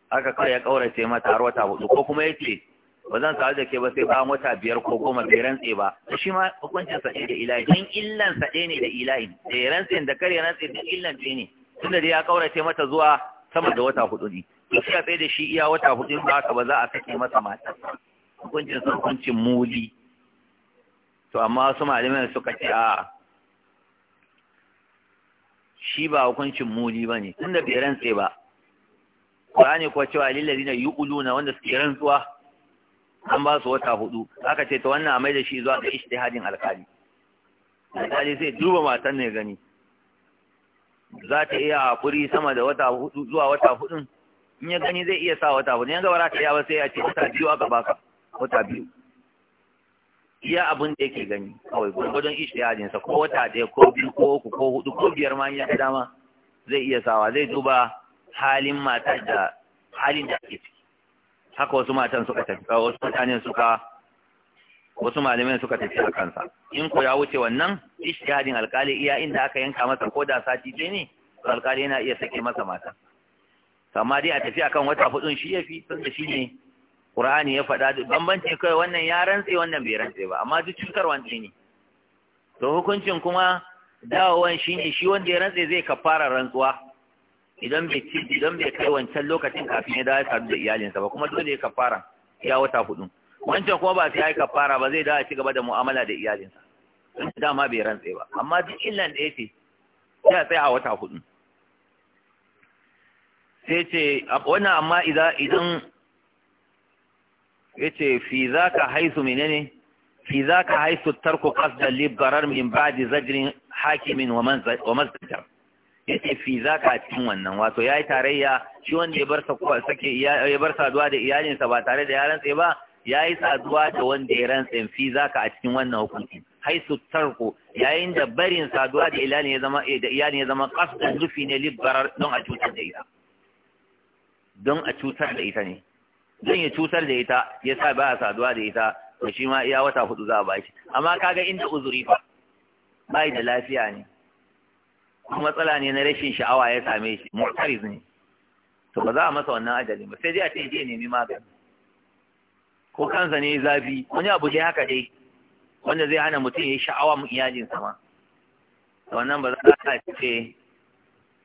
aka kawai ya kaurace mata har wata hudu ko kuma ya ce ba zan sadu da ke ba sai bayan wata biyar ko goma bai rantse ba to shi ma hukuncin sa da ilahi dan illan sa ne da ilahi da ya rantse da kare rantse da illan ɗaya ne tunda dai ya kaurace mata zuwa sama da wata hudu ne to sai tsaye da shi iya wata hudu ba ba za a sake masa mata hukuncin sa hukuncin muli to amma wasu malaman suka ce a'a. shi ba hukuncin muni ba ne da bai rantse ba Qur'ani kuwa cewa ulu na wanda suke rantsuwa an ba su wata hudu aka ce ta wannan a mai da shi zuwa ga ijtihadin alkali alkali sai duba matan ne gani za ta iya haƙuri sama da wata hudu zuwa wata hudun in ya gani zai iya sa wata hudu in ga ba za ta iya ba sai ya ce wata biyu aka baka wata biyu iya abin da yake gani kawai gwargwadon ishe yajinsa ko wata ɗaya ko biyu ko uku ko hudu ko biyar ma ya dama zai iya sawa zai duba halin mata da halin da ake ciki haka wasu matan suka tafi wasu mutanen suka wasu malamai suka tafi a kansa in ko ya wuce wannan Ishe yajin alkali iya inda aka yanka masa ko da sati ɗaya ne alkali yana iya sake masa mata amma dai a tafi akan wata hudun shi ya yafi tunda shi ne Qur'ani ya faɗa duk bambanci kai wannan ya rantse wannan bai rantse ba amma duk cutar wance ne to hukuncin kuma dawowan ne shi wanda ya rantse zai kafara rantsuwa idan bai ci idan bai kai wancan lokacin kafin ya dawo ya sadu da iyalinsa ba kuma dole ya kafara ya wata hudu wancan kuma ba sai ya yi kafara ba zai dawo ya ci gaba da mu'amala da iyalinsa dama bai rantse ba amma duk illan da yake sai ya tsaya a wata hudu sai ce wannan amma idan yace fi za ka haisu menene fi za ka haisu tarko kasdar libarar min min da zajrin hakimin wa Ya yace fi za ka cikin wannan wato ya yi tarayya shi wanda ya bar sa kuwa sake ya bar saduwa da iyalinsa ba tare da yaran rantse ba Ya yi saduwa da wanda ya rantsa fi za ka a cikin wannan hukunci haisu tarko yayin da barin saduwa da iyalin ya zama da iyalin ya zama rufi ne libarar don a cutar da ita don a cutar da ita ne Zan yi cutar da ita ya sa ba saduwa da ita da shi ma iya wata hudu za a bashi amma kaga inda uzuri fa bai da lafiya ne kuma matsala ne na rashin sha'awa ya same shi mu'tariz ne to ba za a masa wannan ajali ba sai dai a ce je nemi magani ko kansa ne zafi wani abu dai haka dai wanda zai hana mutum ya sha'awa mu iyalinsa ma to wannan ba za a ce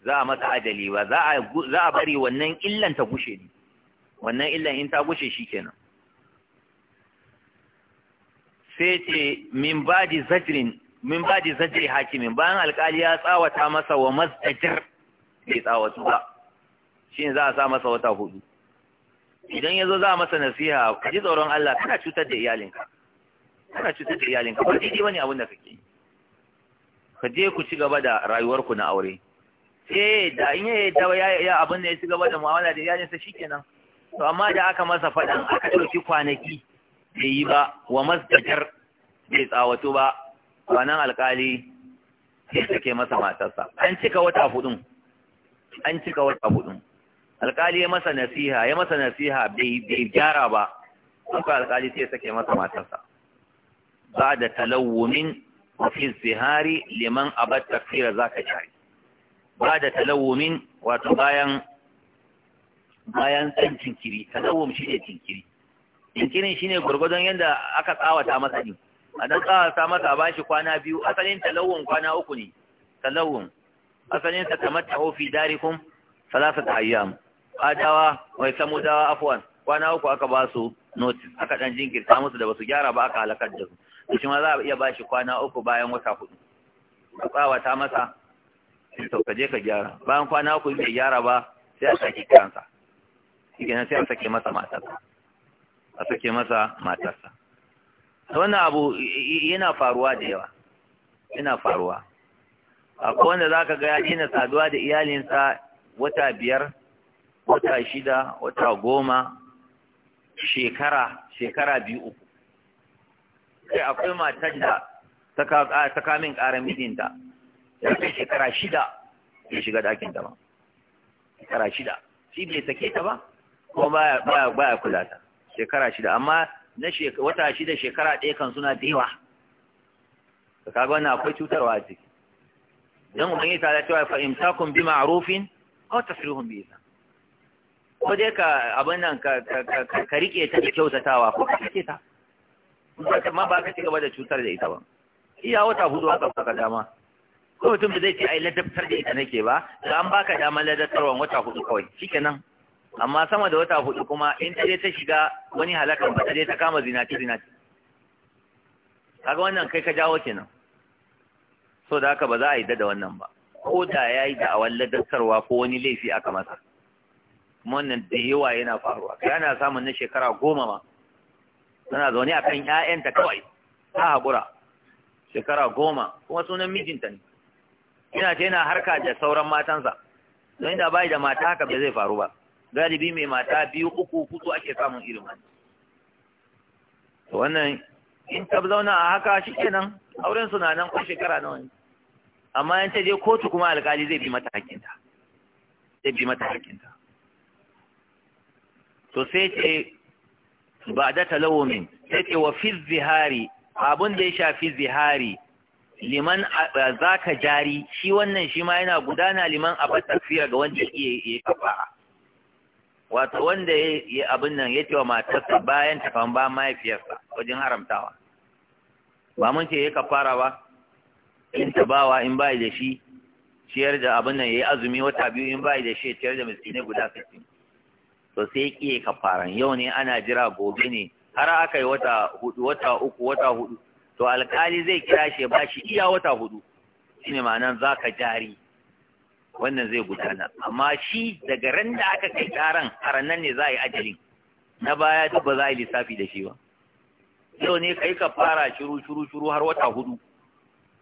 za a masa ajali ba za a bari wannan illan ta gushe ne wannan illan in ta gushe shi kenan sai ce min di zajirin min badi zajri hakimin bayan alkali ya tsawata masa wa da bai tsawatu ba shi za a sa masa wata hudu idan ya zo za a masa nasiha ka ji tsoron Allah kana cutar da iyalinka kana cutar da iyalinka ba daidai wani abin da kake ka je ku ci gaba da rayuwarku na aure eh da in ya yi ya abin da ya ci gaba da mu'amala da iyalinsa shikenan to amma da aka masa faɗan aka ɗauki kwanaki bai yi ba wa masdajar bai tsawato ba wannan alkali sai take masa matarsa an cika wata hudun an cika wata hudun alkali ya masa nasiha ya masa nasiha bai bai gyara ba an ka alkali sai take masa matarsa ba da talawumin fi zihari liman abad takfira zaka shari. ba da talawumin wato bayan bayan san jinkiri tasawum shi ne jinkiri jinkirin shi ne gwargwadon yadda aka tsawata masa ne a dan tsawata masa ba shi kwana biyu asalin talawun kwana uku ne talawun asalin sa tamatta ofi darikum salasat ayyam adawa wai dawa afwan kwana uku aka ba su notice aka dan jinkirta musu da basu gyara ba aka halakar da su Da shi ma za a iya ba shi kwana uku bayan wata hudu ka tsawata masa to ka je ka gyara bayan kwana uku bai gyara ba sai a sake kiransa kenan sai a sake masa matarsa a sake masa matarsa wannan abu yana faruwa da yawa yana faruwa akwai wanda za ka gaya ya daina saduwa da iyalinsa wata biyar wata shida wata goma shekara shekara biyu uku sai akwai matar da ta kamin ƙarar mijinta ya fi shekara shida ya shiga ɗakin ta ba shekara shida shi bai sake ta ba ko baya baya kula ta shekara shida amma na wata shida shekara ɗaya kan suna da yawa ka kaga wannan akwai cutarwa a ciki dan yi tare cewa fa imsakum bi ma'rufin aw tasrihum bi isa ko dai ka abin nan ka ka rike ta da kyautatawa ko ka rike ta kuma ba ka ci gaba da cutar da ita ba iya wata hudu aka saka dama ko mutum da zai ce ai ladabtar da ita nake ba da an baka dama ladabtarwan wata hudu kawai shikenan amma sama da wata hudu kuma in ta je ta shiga wani halaka ba ta je ta kama zinaci zinaci kaga wannan kai ka jawo kenan so da haka ba za a yi da wannan ba ko da ya yi da dattarwa ko wani laifi aka masa wannan da yawa yana faruwa kai ana samun na shekara goma ma tana zaune a kan ‘ya'yanta kawai ta haƙura shekara goma kuma sunan mijinta ne yana ce yana harka da sauran matansa don inda bai da mata haka bai zai faru ba galibi mai mata biyu uku hudu ake samun irin wannan wannan in ta zauna a haka shi kenan auren suna nan ko shekara nawa ne amma in ta je kotu kuma alkali zai bi mata hakinta zai bi mata hakinta to sai ce ba da talawomin sai ce wa fi zihari abin da ya shafi zihari liman a zaka jari shi wannan shi ma yana gudana liman a tafiyar ga wanda iya kafara wato wanda ya abin nan ya ce wa matarsa bayan tafan ba mahaifiyarsa wajen haramtawa ba mun ce ya fara ba in tabawa in ba da shi ciyar da abin nan ya yi azumi wata biyu in ba da shi ciyar da miskinai guda sassi to sai ya fara, yau ne ana jira gobe ne har aka yi wata hudu wata uku wata hudu to alkali zai kira shi ba shi iya wata hudu shine ma'anan ka jari wannan zai gudana amma shi daga ran da aka kai karan har nan ne za a yi ajali na baya duk ba za a yi lissafi da shi ba yau ne kai ka fara shiru shiru shiru har wata hudu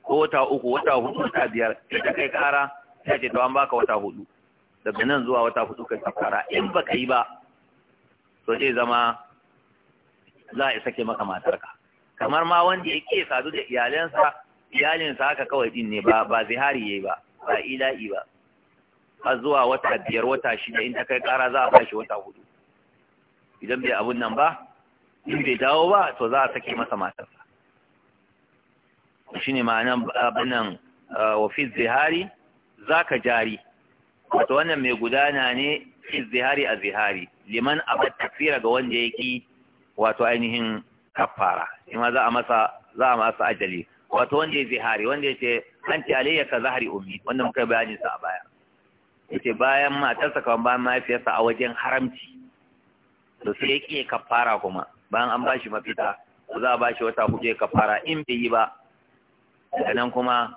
ko wata uku wata hudu wata biyar ta kai kara ta ce to an baka wata hudu daga nan zuwa wata hudu kai ka fara in baka yi ba to zai zama za a sake maka matarka kamar ma wanda ya ke sadu da iyalansa iyalinsa haka kawai din ne ba ba zihari yayi ba ba ila'i ba har zuwa wata biyar wata shida in ta kai kara za a bashi wata hudu idan bai abun nan ba in bai dawo ba to za a sake masa matarsa ne ma'anan abinan wa fi zihari zaka jari wato wannan mai gudana ne fi zihari a zihari liman abad tafira ga wanda ya ki wato ainihin kafara ima za a masa za a masa ajali wato wanda ya zihari wanda ya ce an ce ya ka zahari ummi wannan muka bayani sa a baya yace bayan matarsa kamar bayan mahaifiyarsa a wajen haramci to sai yake kafara kuma bayan an bashi mafita za a bashi wata hudu kafara in bai yi ba nan kuma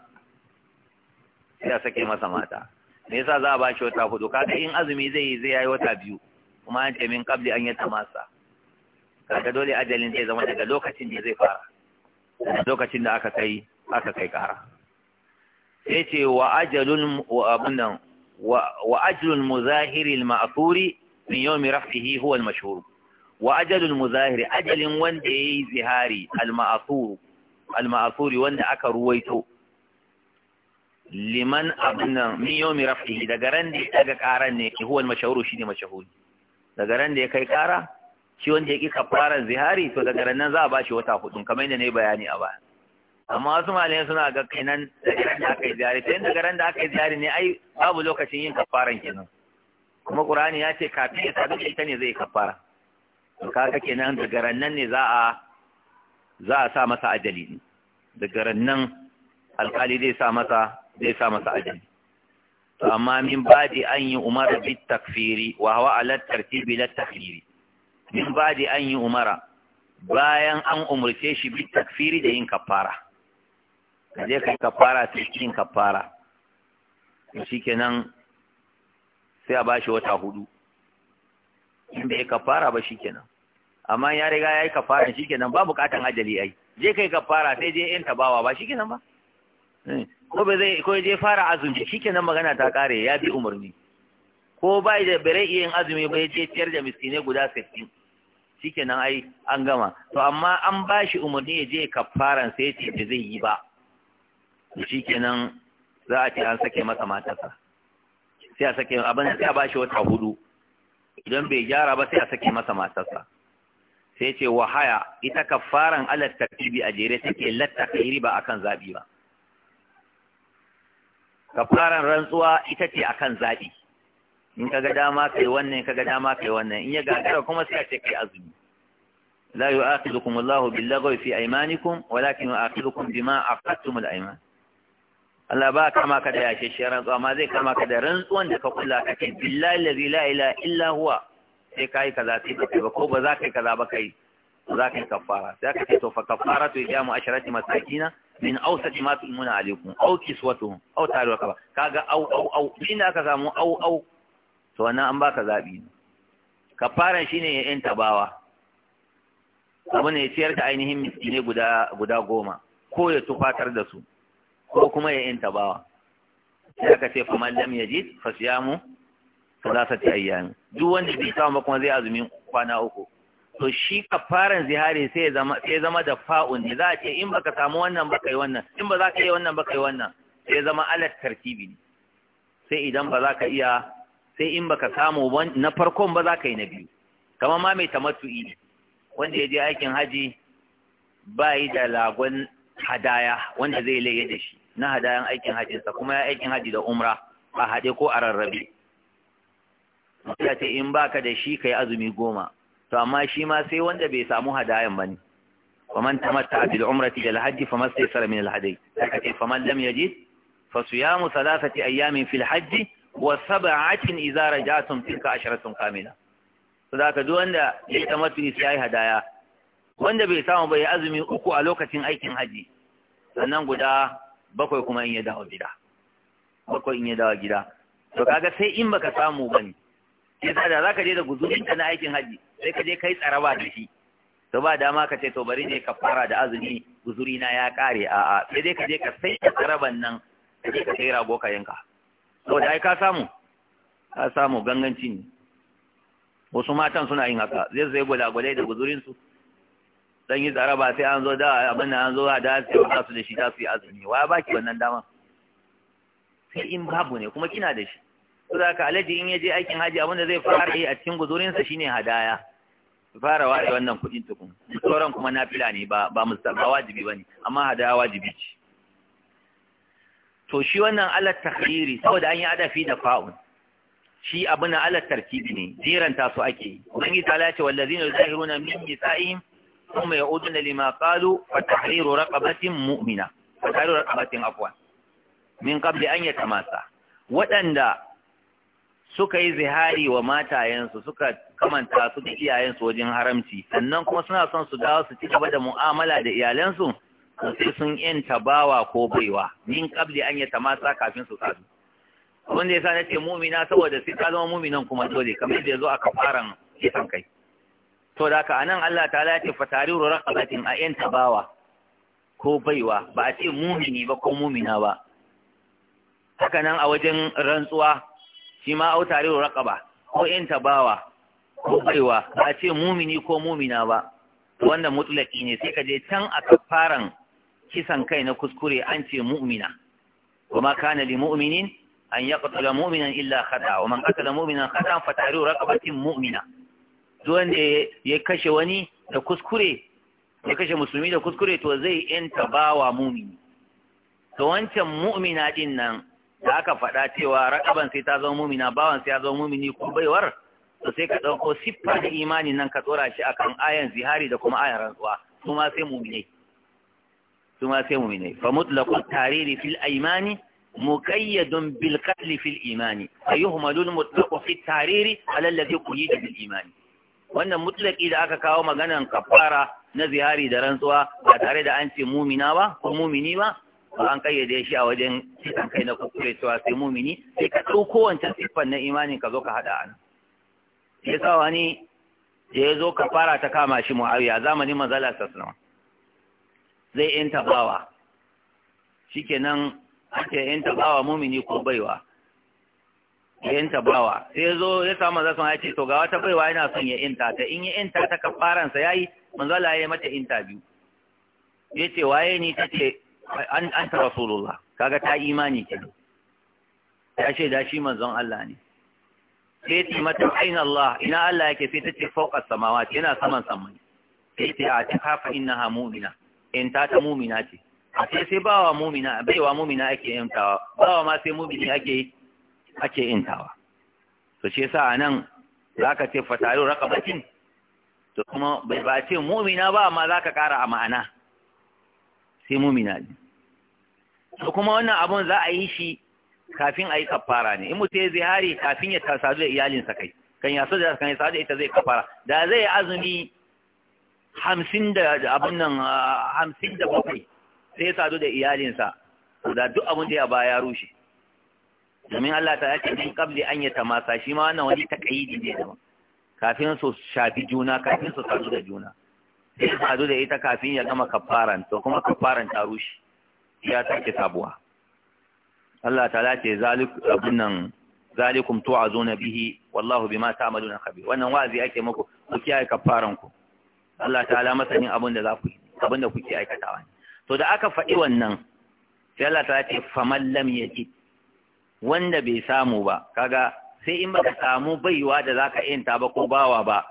sai a sake masa mata me yasa za a bashi wata hudu kaga in azumi zai yi zai yayi wata biyu kuma an ce min kabli an yi masa kaga dole ajalin zai zama daga lokacin da zai fara daga lokacin da aka kai aka kai kara sai ce wa ajalun abun nan وأجل المظاهر المأثور من يوم رفعه هو المشهور وأجل المظاهر أجل وندي زهاري المأثور المأثور وند أكا رويته liman abin min yomi rafihi daga ran da ya daga karan ne huwa al shine mashhuri daga ran da ya kai kara shi wanda ya ki kafaran zihari to daga ran za a wata hudu kamar na yi bayani a baya amma wasu malamai suna ga kai nan daga da aka yi ziyari sai daga ran da aka yi ziyari ne ai babu lokacin yin kafaran kenan kuma qur'ani ya ce kafin ya sadu ita ne zai kafara to kaga kenan da ran nan ne za a za a sa masa ajali da ran nan alkali zai sa masa zai sa masa ajali to amma min badi an yi umara bi takfiri wa huwa ala tartibi la takfiri min badi an yi umara bayan an umurce shi bi takfiri da yin kafara ka je kai kafara sai cin kafara to shikenan sai a bashi wata hudu in bai kafara ba shikenan amma ya riga ya yi kafara shikenan ba bukatan ajali ai je kai kafara sai je yan tabawa ba shikenan ba eh, ko bai zai ko je fara azumi shikenan magana ta kare ya bi umarni ko bai da bare yin azumi bai je ciyar da miskine guda 60 shikenan ai an gama to amma an bashi umarni ya je kafaran sai ya ce ba zai yi ba shi kenan za a ce an sake masa matarsa sai a sake abin sai a bashi wata hudu idan bai gyara ba sai a sake masa matarsa sai ce wahaya ita kafaran alat tartibi a jere take latta kai riba akan zabi ba kafaran rantsuwa ita ce akan zabi in kaga dama kai wannan kaga dama kai wannan in ya gagara kuma sai a ce kai azumi لا يؤاخذكم Allahu باللغو في fi ولكن يؤاخذكم بما bima aqadtum Allah ba kama ka da yashashiyar rantsuwa amma zai kama ka da rantsuwan da ka kula ka ce billahi allazi la ilaha illa huwa sai kai kaza sai ka ba ko ba za ka yi kaza ba kai za ka yi kafara sai ka ce to fa ya mu asharati masakina min awsati ma tu'minuna alaykum aw kiswatuhum aw ta'alu kaba kaga au au au ina ka samu au au to wannan an baka zabi Kafara shine ya yan tabawa abu ne ya ciyar da ainihin miskine guda guda goma ko ya tufatar da su ko kuma ya yin tabawa sai aka ce fa man lam yajid fa siyamu salasati ayyam duk wanda bai samu kuma zai azumi kwana uku to shi kafaran zihari sai zama sai zama da fa'un ne za a ce in baka samu wannan ba kai wannan in ba za ka yi wannan ba kai wannan sai zama alat tartibi ne sai idan ba za ka iya sai in baka samu na farkon ba za ka yi na biyu kamar ma mai tamattu'i wanda ya je aikin haji ba yi da lagon hadaya wanda zai laye da shi na hadayan aikin hajjinsa kuma ya aikin haji da umra a haɗe ko a rarrabe ya ce in baka da shi kai azumi goma to amma shi ma sai wanda bai samu hadayan bane faman tamatta bil umrati ila al-hajj famastaysara min al-hadi kace faman lam yajid ta thalathati ayamin fil hajj wa sab'atin idza raja'tum tilka asharatun kamila to da ka duk wanda ya tamattu sai hadaya wanda bai samu bai azumi uku a lokacin aikin haji sannan guda bakwai kuma in ya dawo gida bakwai in ya dawo gida to kaga sai in baka samu bane sai da zaka je da guzurin ka na aikin haji sai ka je kai tsaraba da shi to ba dama ka ce to bari ne ka fara da azumi guzuri na ya kare a'a sai dai ka je ka sai tsaraban nan ka je ka kai rago ka yanka to da ka samu ka samu ganganci ne wasu matan suna yin haka zai zai gwada gwada da guzurin su dan yi tsara ba sai an zo da abin da an zo a da sai ba su da shi ta su yi azumi wa ba ki wannan dama sai in babu ne kuma kina da shi to da ka alaji in yaje aikin haji abin da zai fara yi a cikin guzurin sa shine hadaya fara ware wannan kudin tukun sauran kuma nafila ne ba ba musabba wajibi bane amma hadaya wajibi ce to shi wannan alat takhiri saboda an yi adafi da fa'un shi na alat tartibi ne jiranta su ake yi ubangiji ta lace wallazina yuzahiruna min nisa'ihim ثم يعودون لما قالوا فتحرير رقبة مؤمنة فتحرير رقبة عفوا من قبل أن يتماسى وأن suka yi zihari wa matayensu suka kamanta su da iyayensu wajen haramci sannan kuma suna son su dawo su ci gaba da mu'amala da iyalansu sai sun yanta bawa ko baiwa min kabli an yata masa kafin su sadu abin da yasa nace mumina saboda sai ta zama muminan kuma dole kamar zo a kafaran faran kisan kai to da ka anan Allah ta lati fatariru raqabatin a yan tabawa ko baiwa ba a ce mumini ba ko mumina ba haka nan a wajen rantsuwa shi ma au tariru raqaba ko yan tabawa ko baiwa ba a ce mumini ko mumina ba Wanda mutlaki ne sai ka je can a kafaran kisan kai na kuskure an ce mu'mina kuma kana li mu'minin an yaqtula mu'minan illa khata wa man qatala mu'minan khata fa tariru raqabatin mu'mina duwan da ya kashe wani da kuskure ya kashe musulmi da kuskure to zai yanta bawa mumini to wancan mu'mina din nan da aka faɗa cewa rakaban sai ta zama mumina bawan sai ya zama mumini ko baiwar to sai ka ɗauko siffa da imanin nan ka tsora shi akan ayan zihari da kuma ayan rantsuwa su ma sai mumine su ma sai mumine fa mutlaqut tariri fil aymani مقيد بالقتل في الإيمان فيهمل المطلق في التعرير على الذي قيد بالإيمان wannan mutlaki da aka kawo maganan kafara na zihari da rantsuwa ba tare da an ce mumina ba ko mumini ba ba an kayyade shi a wajen cikin kai na kuskure cewa sai mumini sai ka ɗauko wancan siffan na imanin ka zo ka haɗa ana. ya sa wani da ya zo kafara ta kama shi muawiya zamanin mazala sassan zai yanta bawa shikenan ake yanta bawa mumini ko baiwa ya yanta bawa sai ya zo ya samu manzo sama ya ce to ga wata baiwa yana son ya inta ta in ya inta ta kafaran sa yayi manzo Allah ya mata inta biyu ya ce waye ni ta ce an ta rasulullah kaga ta imani ke Ya ce da shi manzon Allah ne sai ta mata ayin Allah ina Allah yake sai ta ce fawqa samawati yana saman samai sai ta ce a ta innaha mu'mina in ta ta mu'mina ce a sai sai bawa mu'mina baiwa mu'mina ake yantawa bawa ma sai mu'mini ake yi ake intawa to shi yasa za ka ce fatalu raqabatin to kuma bai ba ce mu'mina ba amma za ka kara a ma'ana sai mu'mina ne to kuma wannan abun za a yi shi kafin a yi kafara ne in mutum ya zihari kafin ya sadu da iyalinsa kai kan ya so da kan ya da ita zai kafara da zai azumi hamsin da abun nan ah, hamsin da bakwai sai ya sadu da iyalinsa da duk abun da ya ba ya rushe domin Allah ta yake din qabli an yatamasa shi ma wannan wani takaidi ne da kafin su shafi juna kafin su sadu da juna sai su sadu da ita kafin ya gama kafaran to kuma kafaran ta rushe ya take sabuwa Allah ta ce zalik abun nan zalikum tu'azuna bihi wallahu bima ta'maluna khabir wannan wazi ake muku ku kiyaye kafaran ku Allah ta ta'ala masanin abin da za ku yi abin da kuke aikatawa to da aka faɗi wannan sai Allah ta ce faman lam yajid wanda bai samu ba kaga sai in baka samu baiwa da zaka yanta ba ko bawa ba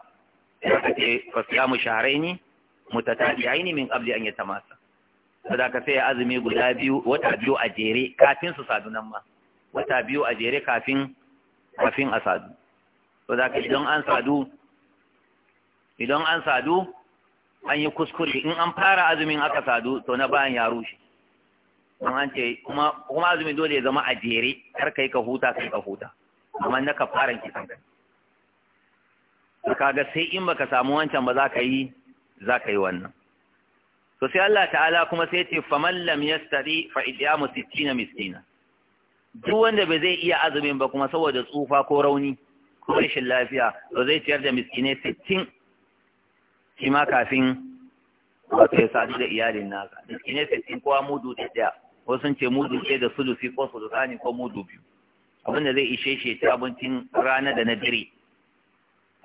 zaka ce fa siyamu shahraini mutatabi'aini min qabli an yatamassa sadaka sai azumi guda biyu wata biyu a jere kafin su sadu nan ma wata biyu a jere kafin kafin a sadu sadaka idan an sadu idan an sadu an yi kuskure in an fara azumin aka sadu to na bayan ya rushe an ce kuma kuma azumi dole ya zama a jere kar kai ka huta kai ka huta amma na fara kisan kai kaga sai in baka samu wancan ba za ka yi za ka yi wannan to sai Allah ta'ala kuma sai ce faman lam yastari fa idyamu 60 miskina duk wanda bai zai iya azumin ba kuma saboda tsufa ko rauni ko rashin lafiya to zai ciyar da miskine 60 shi ma kafin wato ya sadu da iyalin naka, miskine 60 kowa mudu da daya Wasu ce mudu ɗaya da sulusi ko sulusani ko mudu biyu Abinda zai ishe shi ta abincin rana da na dare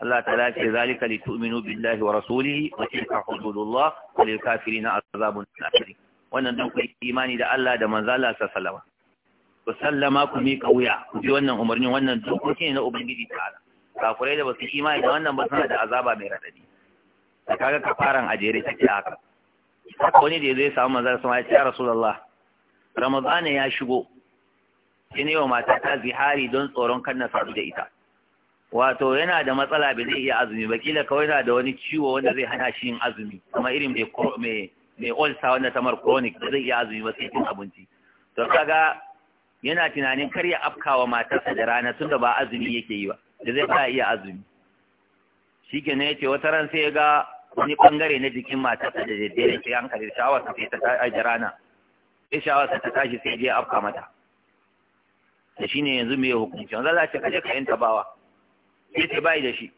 Allah ta ce zalika li tu'minu billahi wa rasulihi wa tilka hududullah wa lil kafirina azabun alim wannan dan ku imani da Allah da manzo Allah sallallahu ku sallama ku mi kauya ku ji wannan umarnin wannan dokoki ne na ubangiji ta'ala kafirai da basu imani da wannan ba suna da azaba mai radadi kaga kafaran ajere take haka wani da zai samu manzo sallallahu alaihi wasallam ya ce ramadana ya shigo ne wa mata ta zihari don tsoron kan na faru da ita wato yana da matsala bai zai iya azumi ba kila kawai yana da wani ciwo wanda zai hana shi yin azumi kuma irin mai olsa wanda ta tamar chronic zai iya azumi ba sai cin abinci to kaga yana tunanin kar ya afkawa matarsa da rana tunda ba azumi yake yi ba da zai fara iya azumi shi ke na ce wata ran sai ya ga wani bangare na jikin matarsa da daidai da ke hankali shawar ta ta a rana sai shawarsa ta tashi sai je afka mata da shine yanzu me hukunci wanda za ta kaje ka ta bawa Ya ce bai da shi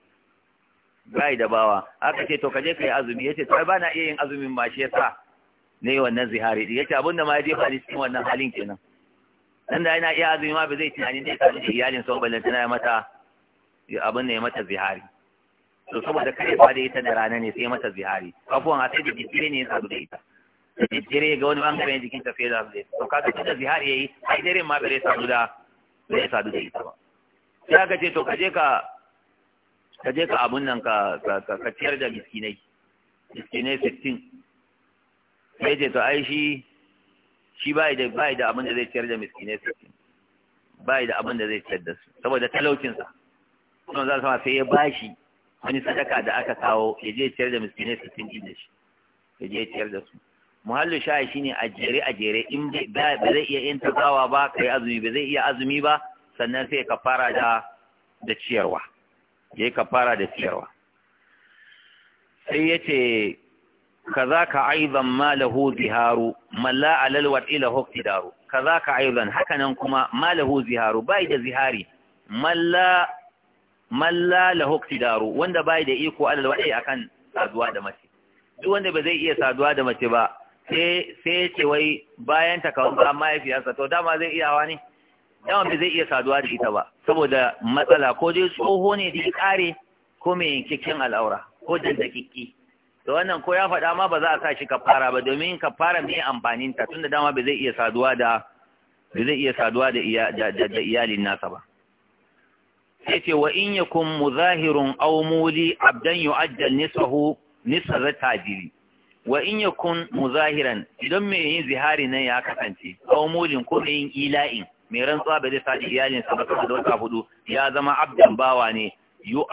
bai da bawa aka ce to kaje kai azumi yace to ba na iya yin azumin ma shi yasa ne wannan zihari din yace abinda ma ya jefa ni cikin wannan halin kenan dan da yana iya azumi ma ba zai tunanin da yake da iyalin sa lantana tana mata abin ne mata zihari to saboda kai ba da ita da rana ne sai mata zihari afuwan a sai da jikire ne ya sadu da ita dare ga wani bangaren jikin ta fiye da hamsin to ka ga da zihar yayi ai dare ma bare sadu da bare sadu da ita ba sai ka ce to ka je ka ka je ka abun nan ka ka ciyar da miskinai miskinai sittin. sai ce to ai shi shi bai da bai da abun da zai ciyar da miskinai sittin. bai da abun da zai ciyar da su saboda talaucinsa kuma za su ma sai ya bashi wani sadaka da aka kawo ya je ciyar da miskinai sittin din da shi ya je ciyar da su muhallu sha'i shine a jere a jere in ba zai iya yin tazawa ba kai azumi ba zai iya azumi ba sannan sai ka fara da da ciyarwa yayi ka fara da ciyarwa sai yace kazaka aidan ma lahu ziharu malla alal wa ila huktidaru kazaka aidan hakanan kuma ma lahu ziharu bai da zihari malla malla lahu daru. wanda bai da iko alal wadi akan saduwa da mace duk wanda ba zai iya saduwa da mace ba sai sai ce wai bayan ta kawo ba mahaifiyarsa to dama zai iya hawa ne yawan bai zai iya saduwa da ita ba saboda matsala ko dai tsoho ne da ya kare ko mai yankakken al'aura ko jandakiki da wannan ko ya faɗa ma ba za a sa shi kafara ba domin kafara mai amfanin ta tunda dama bai zai iya saduwa da iyali zai iya saduwa da da iyalin nasa ba sai ce wa in yakun muzahirun aw muli abdan yu'ajjal nisfahu nisfa jiri wa in yakun muzahiran idan mai yin zihari nan ya kasance aw mulin ko mai yin ila'in mai rantsuwa ba zai sadi iyalin sa ba saboda wata hudu ya zama abdan bawa ne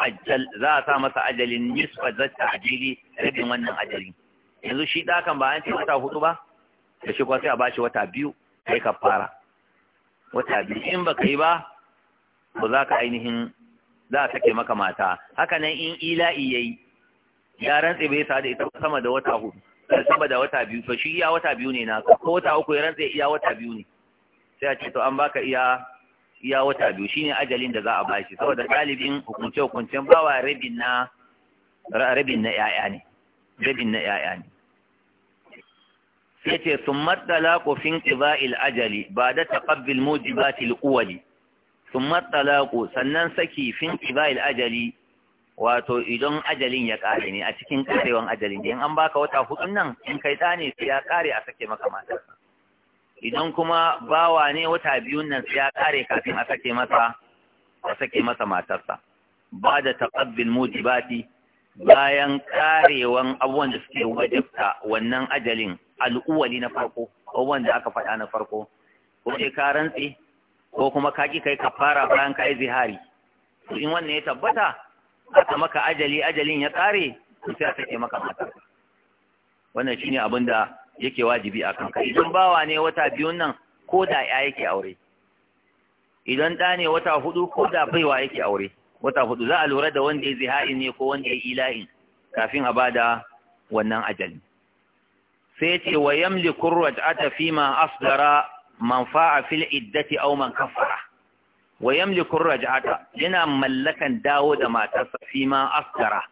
ajjal za a sa masa ajalin nisfa zatta ajili rabin wannan ajali yanzu shi kan ba an ce wata hudu ba da shi kuwa sai a bashi wata biyu kai ka fara wata biyu in baka yi ba ba za ka ainihin za a sake maka mata haka nan in ila'i yayi ya rantse bai sa da ita sama da wata hudu eh, sama da wata biyu to shi iya wata biyu ne na ko wata uku ya rantse iya wata biyu ne sai a ce to an baka iya iya wata biyu shine ajalin da za a bashi saboda galibin hukunce hukuncen bawa rabin na rabin na yaya ne rabin na yaya ne sai ce summa talaqu fi inqida'il ajali ba da taqabbil mujibatil uwali summa talaqu sannan saki fi inqida'il ajali wato idan ajalin ya kare ne a cikin karewan ajalin ne in an baka wata hudun nan in kai da ne sai ya kare a sake maka matar idan kuma bawa ne wata biyun nan sai ya kare kafin a sake masa a sake masa matarsa ba da taqabbil mujibati bayan karewan abubuwan da suke wajibta wannan ajalin al'uwali na farko abubuwan da aka faɗa na farko ko dai ka rantse ko kuma ka ki kai kafara bayan ka yi zihari in wannan ya tabbata aka maka ajali ajalin ya tsare sai a sake maka mata wannan shine abin da yake wajibi a kanka idan bawa ne wata biyun nan ko da ya yake aure idan ɗa ne wata hudu ko da baiwa yake aure wata hudu za a lura da wanda ya zihai ne ko wanda ya ila'i kafin a bada wannan ajali sai ce wa yamliku raj'ata fi ma asdara man fa'a fil iddati aw man kaffara wa yamliku raj'ata yana mallakan dawo da matarsa fi ma asgara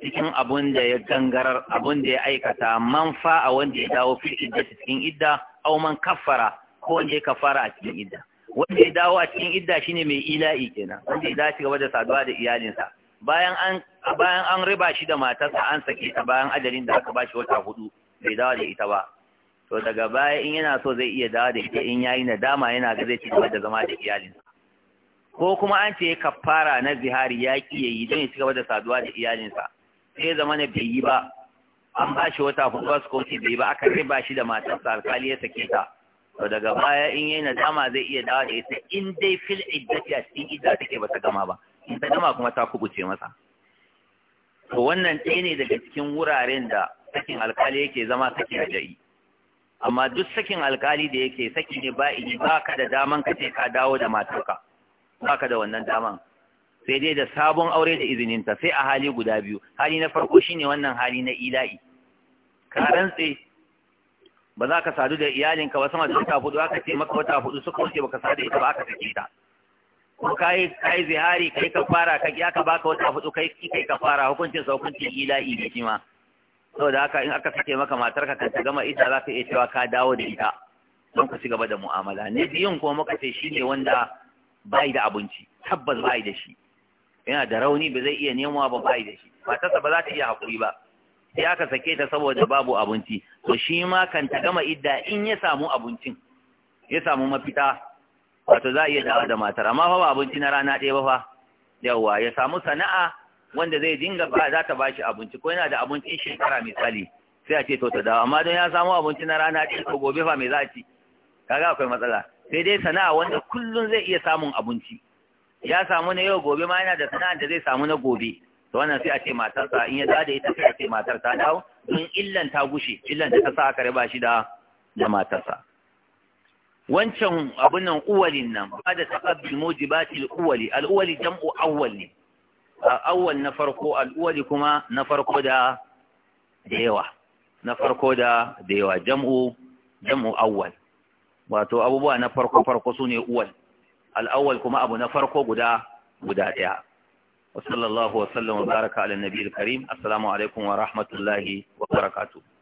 cikin abun da ya gangarar abun da ya aikata man a wanda ya dawo fi idda cikin idda aw man kaffara ko wanda ya kafara a cikin idda wanda ya dawo a cikin idda shine mai ila'i kenan wanda ya dace da saduwa da iyalinsa bayan an bayan an riba shi da matarsa an sake ta bayan ajalin da aka bashi wata hudu bai dawo da ita ba to daga baya in yana so zai iya dawo da ita in yayi nadama yana ga zai ci da zama da iyalinsa ko kuma an ce kafara na zihari ya ki yi don ya ci gaba da saduwa da iyalinsa sai zama ne bai yi ba an ba shi wata hudu wasu koci bai ba aka riba shi da matarsa alkali ya sake ta to daga baya in yi nadama zai iya dawa da ita in dai fil iddati a cikin idda take ba ta gama ba in ta gama kuma ta kubuce masa to wannan ɗaya ne daga cikin wuraren da sakin alkali yake zama sakin ajayi amma duk sakin alkali da yake saki ne ba ba ka da daman ka ce ka dawo da matarka baka da wannan daman sai dai da sabon aure da izininta sai a hali guda biyu hali na farko shine wannan hali na ila'i ka rantse ba za ka sadu da iyalinka ba sama da wata hudu aka ce maka wata hudu suka wuce baka sadu ita ba aka sake ta ko kai kai zihari kai ka fara ka ki aka baka wata hudu kai kai ka fara hukuncin sa hukuncin ila'i ne shi ma saboda haka in aka sake maka matarka kan ta gama ita za ka iya cewa ka dawo da ita don ka ci gaba da mu'amala ne biyun kuma muka ce shine wanda bai da abinci tabbas bai da shi yana da rauni ba zai iya nemawa ba bai da shi matarsa ba za ta iya haƙuri ba sai aka sake ta saboda babu abinci to shi ma kan ta gama idda in ya samu abincin ya samu mafita wato za a iya dawo da matar amma fa ba abinci na rana ɗaya ba fa yawwa ya samu sana'a wanda zai dinga ba za ta bashi abinci ko yana da abincin shekara misali sai a ce to ta dawo amma don ya samu abinci na rana ɗaya ko gobe fa me za a ci kaga akwai matsala sai dai sana'a wanda kullum zai iya samun abinci ya samu na yau gobe ma yana da sana'a da zai samu na gobe to wannan sai a ce matarsa in ya da da ita sai a ce matar ta dawo in illan ta gushe illan da ta sa aka raba shi da da matarsa wancan abun nan uwalin nan ba da taqabbil mujibatil uwali al uwali jam'u awwal ne awwal na farko al uwali kuma na farko da da yawa na farko da da yawa jam'u jam'u awwal wato abubuwa na farko farko sune uwal al-awwal kuma abu na farko guda guda ɗaya wa sallallahu wa wa baraka ala nabiyil karim assalamu alaikum wa rahmatullahi wa barakatuh